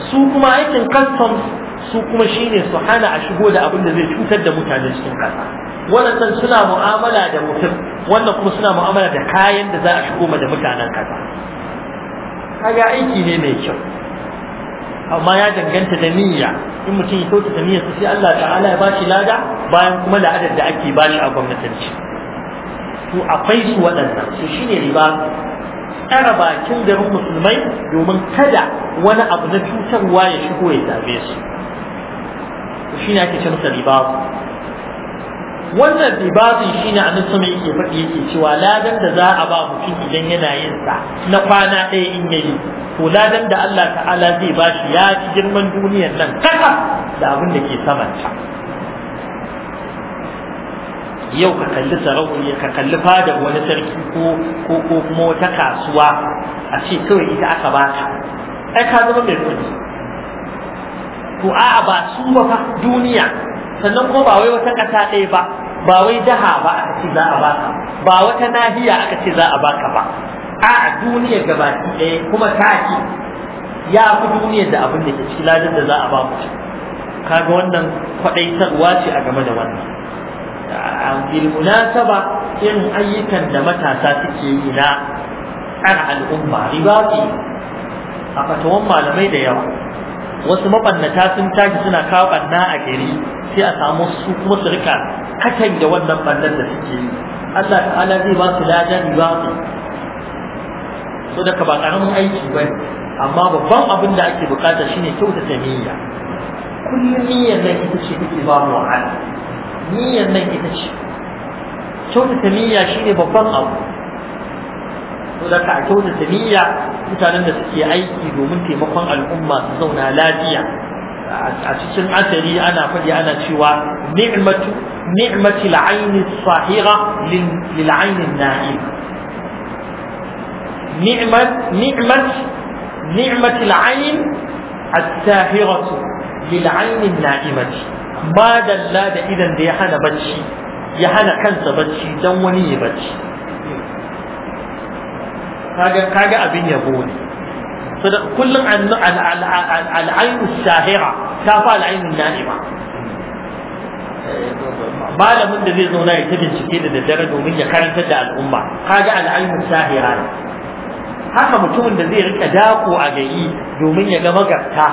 su kuma aikin customs su kuma shine su hana a shigo da abin da zai cutar da mutane cikin ƙasa wannan suna mu'amala da mutum wannan kuma suna mu'amala da kayan da za a shigo ma da mutanen ƙasa kaga aiki ne mai kyau amma ya danganta da niyya in mutum ya kyautata niyyarsa sai Allah ta'ala ya bashi lada bayan kuma la'adar da ake bani a gwamnatanci to akwai su waɗannan su shine riba tsara bakin garin musulmai domin kada wani abu na cutarwa ya shigo ya same su shi ne ake ce masa wannan ribabun shi ne annabi sama yake faɗi yake cewa ladan da za a ba mutum idan yana yin sa na kwana ɗaya in yayi Ko ladan da Allah ta'ala zai ba shi ya fi girman duniyar nan kasa da abin da ke samanta yau ka kalli sarauniya ka kalli fadar wani sarki ko ko ko kuma wata kasuwa a ce kawai ita aka ka. ai ka zama mai kuɗi to a'a ba su ba fa duniya sannan kuma ba wai wata ƙasa ɗaya ba ba wai jaha ba aka ce za a baka ba wata nahiya aka ce za a baka ba a'a duniya gabaki ɗaya kuma taki ya fi duniyar da abin da ke cikin ladan da za a ba mu kaga wannan kwaɗaitarwa ce a game da wannan bilmunasaba irin ayyukan da matasa suke yi na tsara al'umma riba ce a fatawan malamai da yawa wasu mabannata sun tashi suna kawo banna a gari sai a samu su kuma su rika katan da wannan bannan da suke yi Allah ta'ala zai ba su ladan su. so da ka ba karamin aiki ba amma babban abin da ake bukata shine kyautata niyya kullum niyyar nan ita ce take ba mu wahala niyyar nan ita ce kyautata niyya shine babban abu da ka a kyautata niyya mutanen da suke aiki domin taimakon al'umma su zauna lafiya a cikin asali ana fadi ana cewa ni'matu ni'mati al'ayn as-sahira lil 'ayn an-na'im ni'mat ni'mat ni'mat al-'ayn as-sahira lil 'ayn an-na'imati ma dalla da idan da ya hana bacci ya hana kansa bacci dan wani ya bacci kaga kaga abin yabo ne saboda kullum al'ainu shahira ta fa al'ainu na'ima malamin da zai zauna ya ta bincike da daddare domin ya karantar da al'umma kaga al'ainu shahira ne haka mutumin da zai rika dako a gari domin ya ga magarta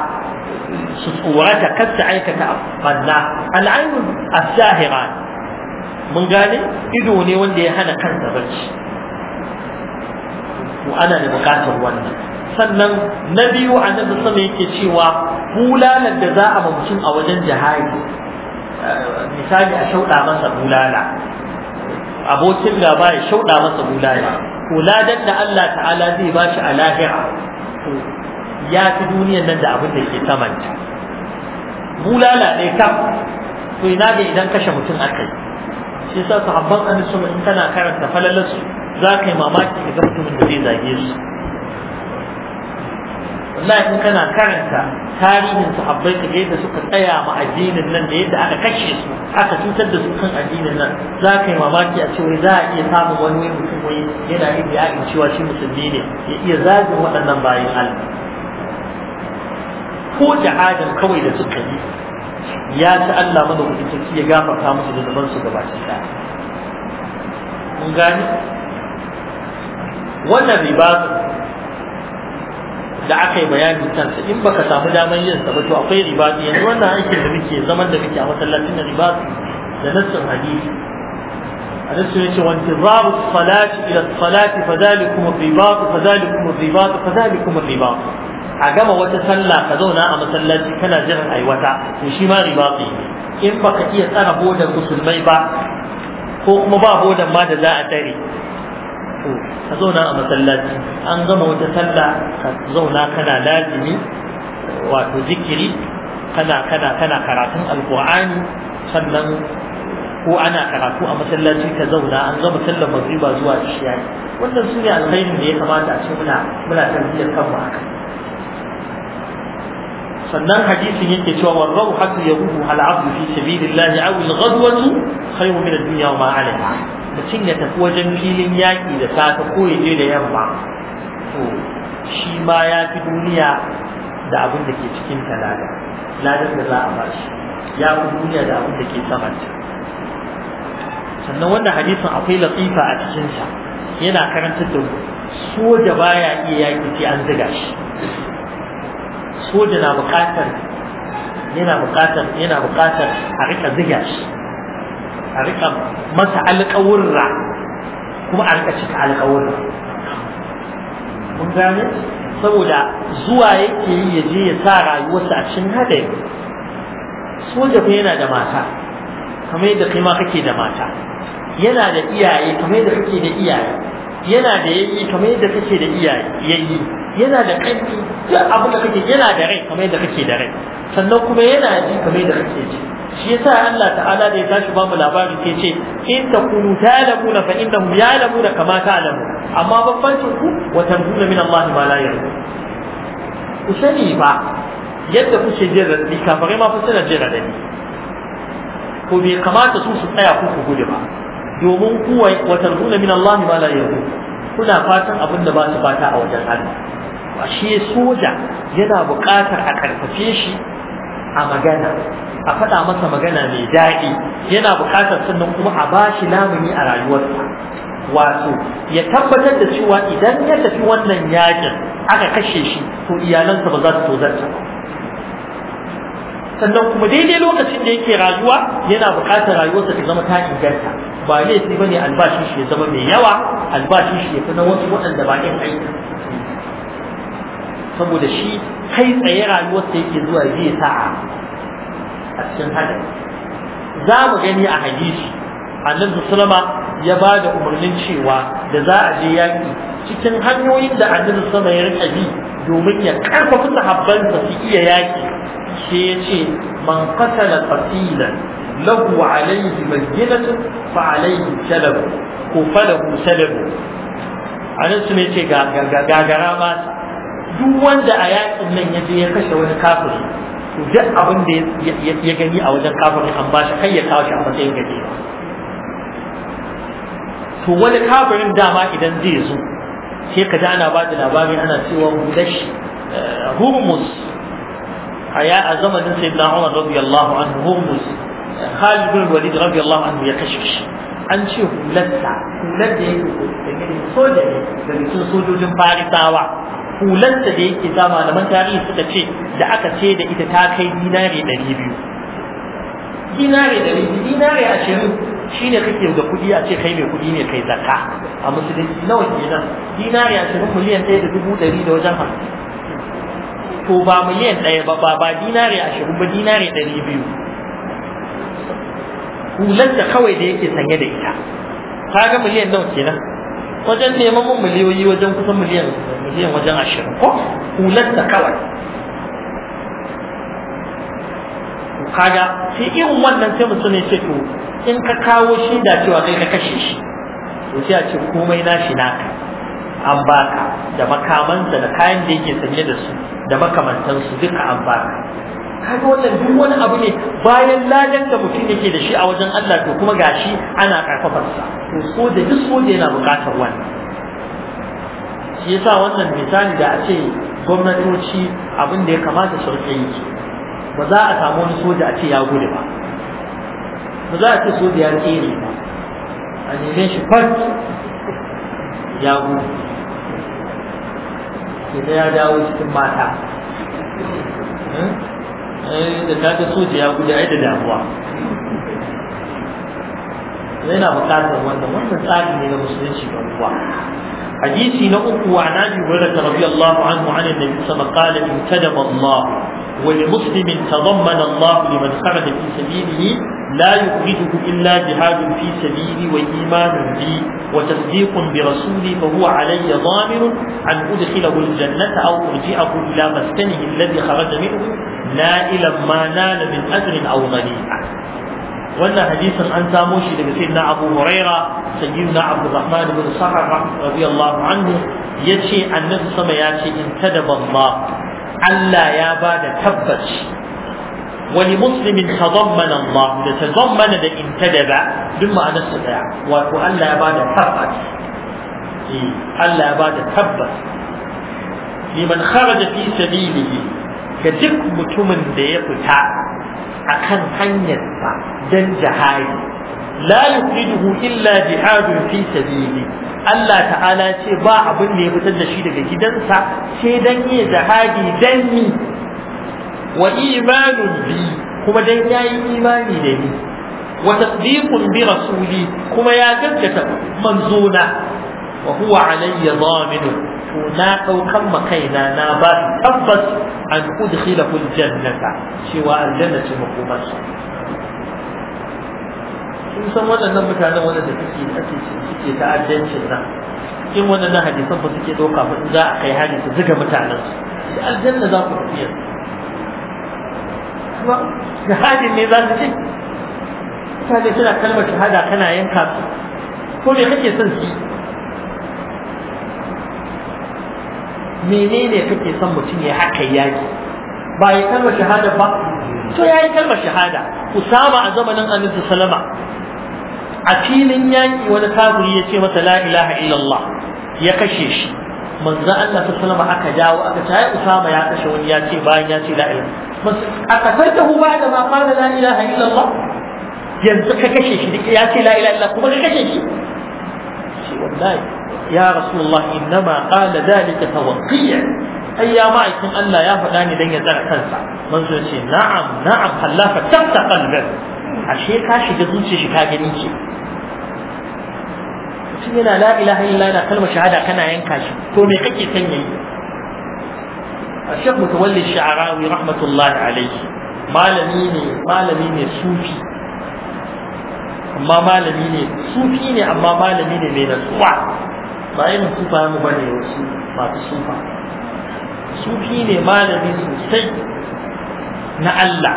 su tsorata kar su aikata banna al'ainu a shahira mun gane ido ne wanda ya hana kansa barci to ana da bukatar wannan sannan na biyu annabi sama yake cewa bulalar da za a mutum a wajen jihadi eh, misali a shauɗa masa bulala abokin gaba ya shauɗa masa bulala ko ladan da Allah ta'ala zai ba shi a lahira to ya fi duniyar nan da abin da ke samanta bulala ne kam to ina ga idan kashe mutum aka yi shi sa sahabban annabi in kana karanta falalarsu za ka yi mamaki ga mutumin da zai zage su wallahi in kana karanta tarihin sahabbai ka yadda suka tsaya ma addinin nan da yadda aka kashe su aka cutar da su kan addinin nan za ka yi mamaki a cewa za a iya samun wani wai mutum wai yana yin ya'in cewa shi musulmi ne ya iya zagin waɗannan bayan Allah ko da adam kawai da suka yi ya ci Allah mana kuɗi ya gafarta musu da zaman su gabaki ɗaya mun gani wannan riba da aka yi bayani kansa in baka samu daman yin sa ba to akwai riba yanzu wannan aikin da muke zaman da muke a masallacin na riba da nassin hadisi a nassin yace wa intirabu salati ila salati fadalikum riba fadalikum riba fadalikum riba a gama wata sallah ka zauna a masallaci kana jiran aiwata to shi ma riba in baka iya tsara bodan musulmai ba ko kuma ba bodan ma da za a tare ka zauna a masallaci an gama wata sallah ka zauna kana lazimi wato zikiri kana kana kana karatun alqur'ani sannan ko ana karatu a masallaci ka zauna an gama sallar magriba zuwa isha wannan su ne alkhairin da ya kamata a ce muna muna tarbiyyar kanmu haka sannan hadisin yake cewa wa rawhatu yabuhu al-abdu fi sabilillah aw al-ghadwatu khayrun min ad-dunya wa ma 'alayha mutum ya tafi wajen filin yaƙi da safe ko ya je da yamma to shi ma ya fi duniya da abin da ke cikin talaga ladar da za a ba shi ya fi duniya da abin da ke samanta sannan wanda hadisin akwai latifa a cikinsa yana karantar da soja baya iya yaƙi sai an ziga shi soja na bukatar yana buƙatar yana a rika ziga shi a rika masa alƙawurra kuma a rika cika alƙawurra kun gane saboda zuwa yake yi ya je ya sa rayuwarsa a cikin haɗari soja fa yana da mata kamar yadda kai ma kake da mata yana da iyaye kamar yadda kake da iyaye yana da yayi kamar yadda kake da iyaye yayi yana da kanki duk abin da kake yana da rai kamar yadda kake da rai sannan kuma yana ji kamar yadda kake ji shi yasa Allah ta'ala da ya tashi ba mu labari sai ce in takunu ta'lamuna fa innahum ya'lamuna kama ta'lamu amma babbancin ku wa tanzuna min Allah ma la yarda ku sani ba yadda kuke jin radadi kafare ma fa suna jin radadi ko bai kamata su su tsaya ku ku gudu ba domin ku wata tanzuna min Allah ma la yarda kuna fatan abin da ba su fata a wajen Allah shi soja yana buƙatar a karfafe shi a magana a faɗa masa magana mai daɗi yana buƙatar sannan kuma a ba shi lamuni a rayuwarsa wato ya tabbatar da cewa idan ya tafi wannan yakin aka kashe shi to iyalansa ba za su tozarta ba sannan kuma daidai lokacin da yake rayuwa yana buƙatar rayuwarsa ta zama ta inganta ba laifi ne albashin shi ya zama mai yawa albashin shi ya fi na wasu waɗanda ba yin aiki saboda shi kai tsaye rayuwarsa yake zuwa zai sa'a a cikin hadari za mu gani a hadisi annabi sallama ya ba da umarnin cewa da za a je yaƙi cikin hanyoyin da annabi sallama ya rika bi domin ya karfafa sahabban da su iya yaƙi sai ya ce man qatala qatilan lahu alayhi bayyinatu fa alayhi salabu ko falahu salabu anan su ne ce gagara ma duk wanda a yaƙin nan ya je ya kashe wani kafiri duk abin da ya gani a wajen kafirin an ba shi kai ya kawo shi a matsayin gaje to wani kafirin dama idan zai zo sai ka ana ba da labari ana cewa gudash eh, hurmus a ya a zamanin sayyidina Umar radiyallahu anhu hurmus eh, Khalid bin Walid radiyallahu anhu ya kashe shi an ce hularsa hular da yake sanye da soja ne da cikin sojojin farisawa hularsa da yake zama malaman tarihi suka ce da aka ce da ita ta kai dinari ɗari biyu dinari ɗari biyu dinari ashirin shi ne kake da kuɗi a ce kai mai kuɗi ne kai zakka a musulunci nawa kenan dinari ashirin miliyan ɗaya da dubu ɗari da wajen hamsin to ba miliyan ɗaya ba ba dinari ashirin ba dinari ɗari biyu Hulan da kawai da yake sanye da ita kaga miliyan nawa kenan wajen neman mun miliyoyi wajen kusan miliyan miliyan wajen ashirin ko Hulan da kawai kaga sai irin wannan sai mutum ya ce to in ka kawo shi da cewa kai ka kashe shi to sai a ce komai nashi naka an baka da makamansa da kayan da yake sanye da su da makamantansu duka an baka kaga wannan duk wani abu ne bayan ladan da mutum yake da shi a wajen Allah to kuma gashi ana karfafar sa to so da duk so da yana bukatar wannan shi yasa wannan misali da a ce gwamnatoci abin da ya kamata su rike yi ba za a samu wani soja a ce ya gudu ba ba za a ce soja ya tsere ba a neme shi kwat ya gudu ke ya dawo cikin mata hmm? Eh, da ta ga soja ya guda ai da damuwa yana buƙatar wannan wannan tsari ne na musulunci ga uwa حديثي نقوم عن أبي هريرة رضي الله عنه عن النبي صلى الله عليه وسلم قال انتدب الله ولمسلم تضمن الله لمن خرج في سبيله لا يخرجه إلا جهاد في سبيلي وإيمان بي وتصديق برسولي فهو علي أن أدخله الجنة أو أرجعه إلى مسكنه الذي خرج منه na'ilan ma nala min ajrin aw mani'a wannan hadisin an samo shi daga sayyidina Abu Huraira sayyidina Abdurrahman ibn Sahar radiyallahu anhu yace annabi sama ya ce in tadaba Allah Allah ya bada tabbaci ولمسلم تضمن الله تضمن ده انتدب بما أنا استطاع وألا بعد تبت ألا بعد تبت لمن خرج في سبيله ga duk mutumin da ya fita a kan hanyarsa don jihadi la duhu illa jihadun fi sabili Allah ta'ala ce ba abin da ya fitar da shi daga gidansa sai dan yi jihadi dan ni wa imanun bi kuma dan yayi imani da ni wa tasdiqun bi rasuli kuma ya gaskata manzona wa huwa alayya dhaminun to na ɗaukan kaina na ba su tabbas an udkhila kul jannata cewa aljanna ce makomar su sun san wannan mutanen wanda da suke ake suke ta'addancin nan in waɗannan hadisan ba suke ɗauka ba za a kai hali su zuga mutanen su aljanna za ku tafiya ga halin ne za su ce mutane suna kalmar shahada kana yanka su ko me kake son su menene kake son mutum ya haka yaki ba ya kalmar shahada ba to ya yi kalmar shahada usama a zamanin annabi salama a filin yaki wani kafiri ya ce masa la ilaha illallah ya kashe shi manzo Allah ta salama aka dawo aka ce ai usama ya kashe wani ya ce bayan ya ce la ilaha aka tantahu ba da ma qala la ilaha illallah yanzu ka kashe shi ya ce la ilaha illallah kuma ka kashe shi shi wallahi يا رسول الله إنما قال ذلك توقيع أي يا معكم ألا يا فلان دنيا ذلك تنسى من نعم نعم خلافة تبت قلبه عشي كاشي جزوشي شكاكي نيشي سينا لا إله إلا أنا كلمة شهادة كان ينكاشي كومي قكي سنيني الشيخ متولي الشعراوي رحمة الله عليه ما لميني ما لميني صوفي أما ما صوفي صوفيني أما ما لميني من الصوفي ba irin sufayen mu bane wasu masu sufa sufi ne malami sosai na Allah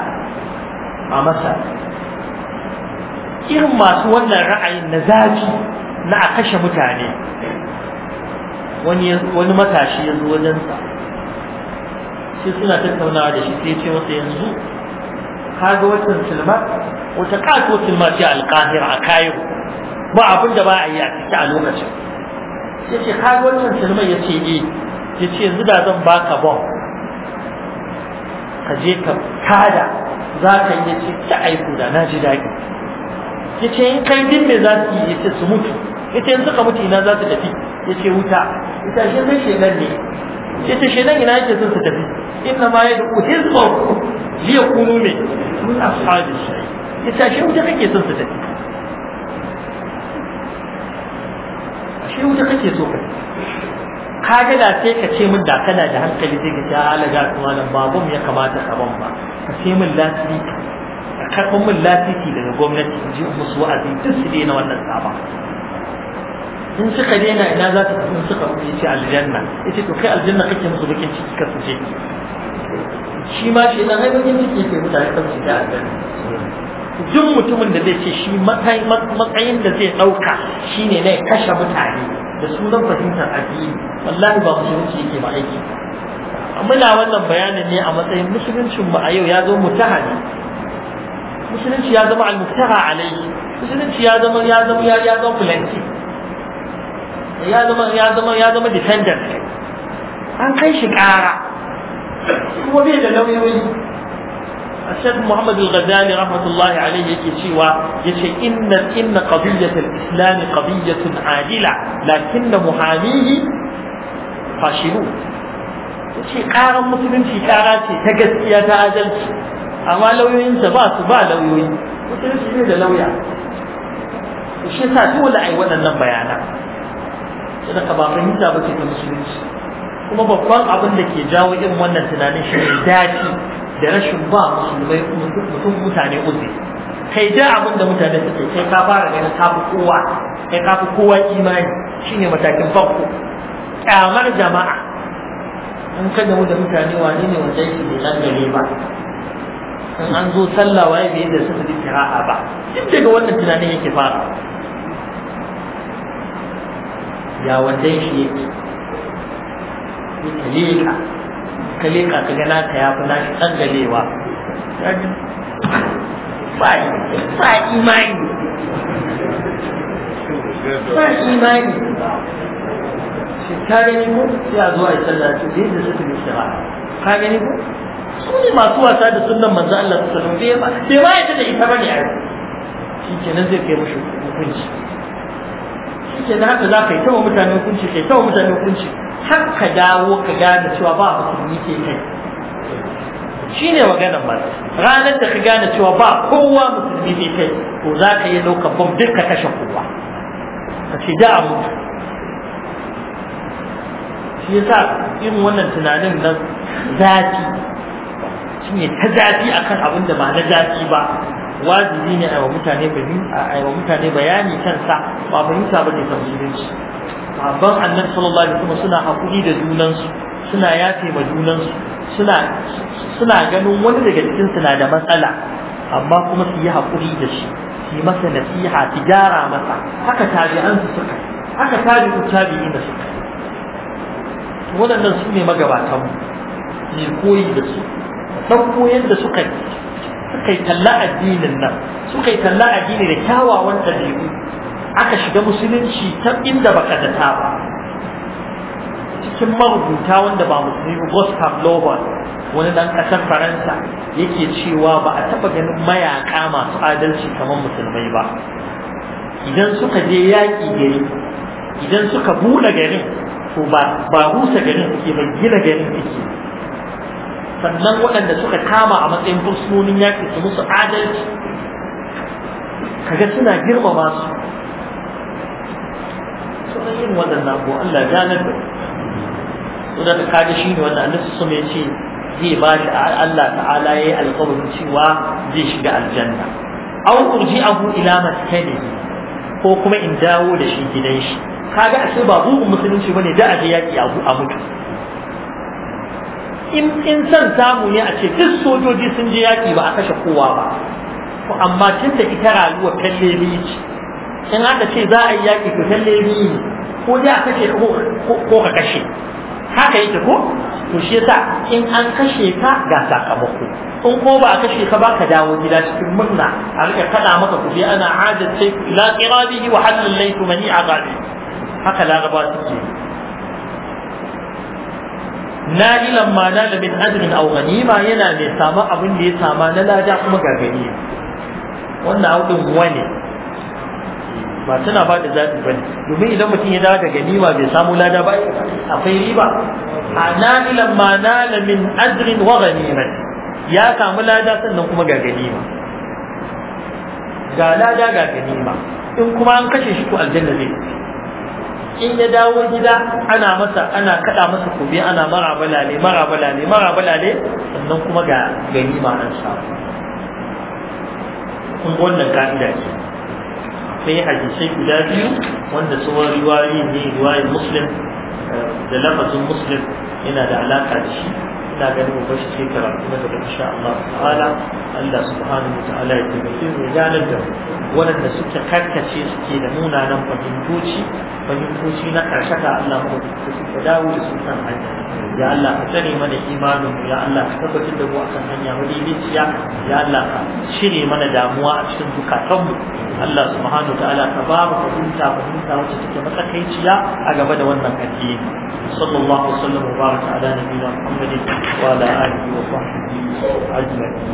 a masa irin masu wannan ra'ayin na zafi na a kashe mutane wani matashi ya zo wajensa sai suna tattaunawa da shi sai ce wata yanzu Ka ga watan silma wata kato silma ce alkahira a kayo ba abin da ba a yi a ciki a lokacin ya ce kaga wannan sirmai ya ce eh ya ce yanzu da zan baka bom ka je ka kada za ka yi ya ce ta aiko da na ji daɗi ya ce in kai din mai za su yi ya ce su mutu ya ce yanzu ka mutu ina za su tafi ya ce wuta ita shi zai shenan ne ya ce shenan ina yake son su tafi inna ma ya da'u hizbahu liya kunu ne mun ashabi shi ya ce shi wuta kake son su tafi shi wuta kake so ka ka ga da sai ka ce min da kana da hankali sai ka ce ga ah, kuma nan babu ya kamata ka ban ba ka ce min lasiri ka karɓi min lasiri daga gwamnati in ji musu wa'azi duk su daina wannan tsaba. in suka daina ina za ta tafi suka ya ce aljanna ita to kai aljanna kake musu bakin ciki ka su je shi ma shi na haifin ciki ke mutane kan su da aljanna duk mutumin da zai ce shi matsayin da zai ɗauka shine ne kashe mutane da sunan fahimtar addini wallahi ba musulunci yake ba aiki muna wannan bayanin ne a matsayin musuluncin mu a yau ya zo mutahani musulunci ya zama al-muftaha alayhi musulunci ya zama ya zama ya ya zama fulanci ya zama ya zama ya zama defender an kai shi ƙara kuma bai da lauyoyi الشيخ محمد الغزالي رحمة الله عليه يشيوا يشي إن إن قضية الإسلام قضية عادلة لكن محاميه فاشلون يشي قارا مسلم في كاراتي تقس يا تعادلت أما لو ينسى باس با لو ينسى مسلم في هذا لو يعني shi yasa dole ai waɗannan bayanan sai ka ba fahimta ba ce ta musulunci kuma babban abin da ke jawo irin wannan tunanin shi ne daɗi da rashin ba musulmai mutum mutane uzi kai da abin da mutane suke sai ka fara ganin ka kowa kai ka fi kowa imani shine matakin farko kyamar jama'a in ka gamu da mutane wani ne wanda yake bai san gare ba in an zo sallah waye bai da suka ji kira'a ba duk daga wannan tunanin yake fara ya wanda shi yake yake leka ka leƙa ka gana ka ya fi nashi tsangalewa ba imani ba imani ka gani ko sai a zuwa ya sallaci da yadda suka bi ba, ka gani ko su ne masu wasa da sunan manzo Allah sallallahu alaihi wasallam bai ma yadda da ita bane a shi kenan zai kai mushi hukunci shi da haka za ka yi tawa mutane hukunci kai tawa mutanen kunci, har ka dawo ka gane cewa ba musulmi ke kai shi ne maganar ba ranar da ka gane cewa ba kowa musulmi ne kai to za ka yi ɗaukar bam duk ka kashe kowa ka ce da a mutu shi yasa irin wannan tunanin na zafi shi ne ta zafi akan abin da ba na zafi ba wajibi ne a wa mutane a wa mutane bayani sa ba fahimta ba ne ta musulunci babban annabi sallallahu alaihi wasallam suna hakuri da junansu suna yafe ma junansu suna suna ganin wani daga cikin suna da matsala amma kuma su yi hakuri da shi su yi masa nasiha su gyara masa haka tabi'ansu su suka haka tabi'u tabi'i da suka waɗannan su ne magabatanmu ne koyi da su ɗauko yadda suka yi suka yi talla addinin nan suka yi talla addini da kyawawan ɗabi'u aka shiga musulunci ta inda baka zata ba cikin marubuta wanda ba musulmi Gustav Lobel wani dan kasar Faransa yake cewa ba a taba ganin mayaka masu adalci kamar musulmai ba idan suka je yaƙi gari idan suka buɗe garin to ba rusa garin suke ba gina garin suke sannan waɗanda suka kama a matsayin fursunonin yaƙi su musu adalci kaga suna girmama su sunan yin waɗannan ko Allah ganar da su da kaga shi ne wanda annabi su ya ce zai ba shi Allah ta'ala yi alƙawarin cewa zai shiga aljanna aw abu ila maskani ko kuma in dawo da shi gidan shi kaga ashe ba bugun musulunci bane da aje yaki a mutu in san samu ne a ce duk sojoji sun je yaƙi ba a kashe kowa ba Ko amma tun da ita rayuwa talle biyu ce in aka ce za a yi yaƙi to talle biyu ne ko dai a kashe ko ka kashe haka yake ko to shi yasa in an kashe ka ga sakamako in ko ba a kashe ka ba ka dawo gida cikin murna a rika kada maka kuɗi ana adad sai ila qirabihi wa halal laytu mani haka laraba suke na'ilan ma na da min azmin aw ganima yana mai sama abin da ya sama na lada kuma ga gani wannan audin wani ba tana ba da zaɓi ba ne domin idan mutum ya dawo da ganima bai samu lada ba akwai riba a na'ilan ma na da min azumin wa ganima ya samu lada sannan kuma ga ganima ga lada ga ganima in kuma an kashe shi ku aljanna zai in ya dawo gida ana masa ana kada masa kobe ana mara balale mara balale mara balale sannan kuma ga gani ma an samu kun wannan ka'ida ce sai hadisai guda biyu wanda tsohon riwayi ne riwayin muslim eh, da lafazin muslim yana da alaka da shi ina ganin mu shi sai karatu na daga insha Allah ta'ala Allah subhanahu wa ta'ala ya taimake mu ganar da waɗanda suke karkace suke da munanan fahimtoci fahimtoci na ga Allah mu da suke dawo da su kan hanya ya Allah ka tsare mana imanin ya Allah ka tabbatar da mu akan hanya madaidaiciya ya Allah ka shirye mana damuwa a cikin mu. Allah subhanahu wa ta'ala ka ba mu fahimta fahimta wacce take matsakaiciya a gaba da wannan addini sallallahu alaihi wa sallam wa baraka ala nabiyina Muhammadin وعلى آله وصحبه أجمعين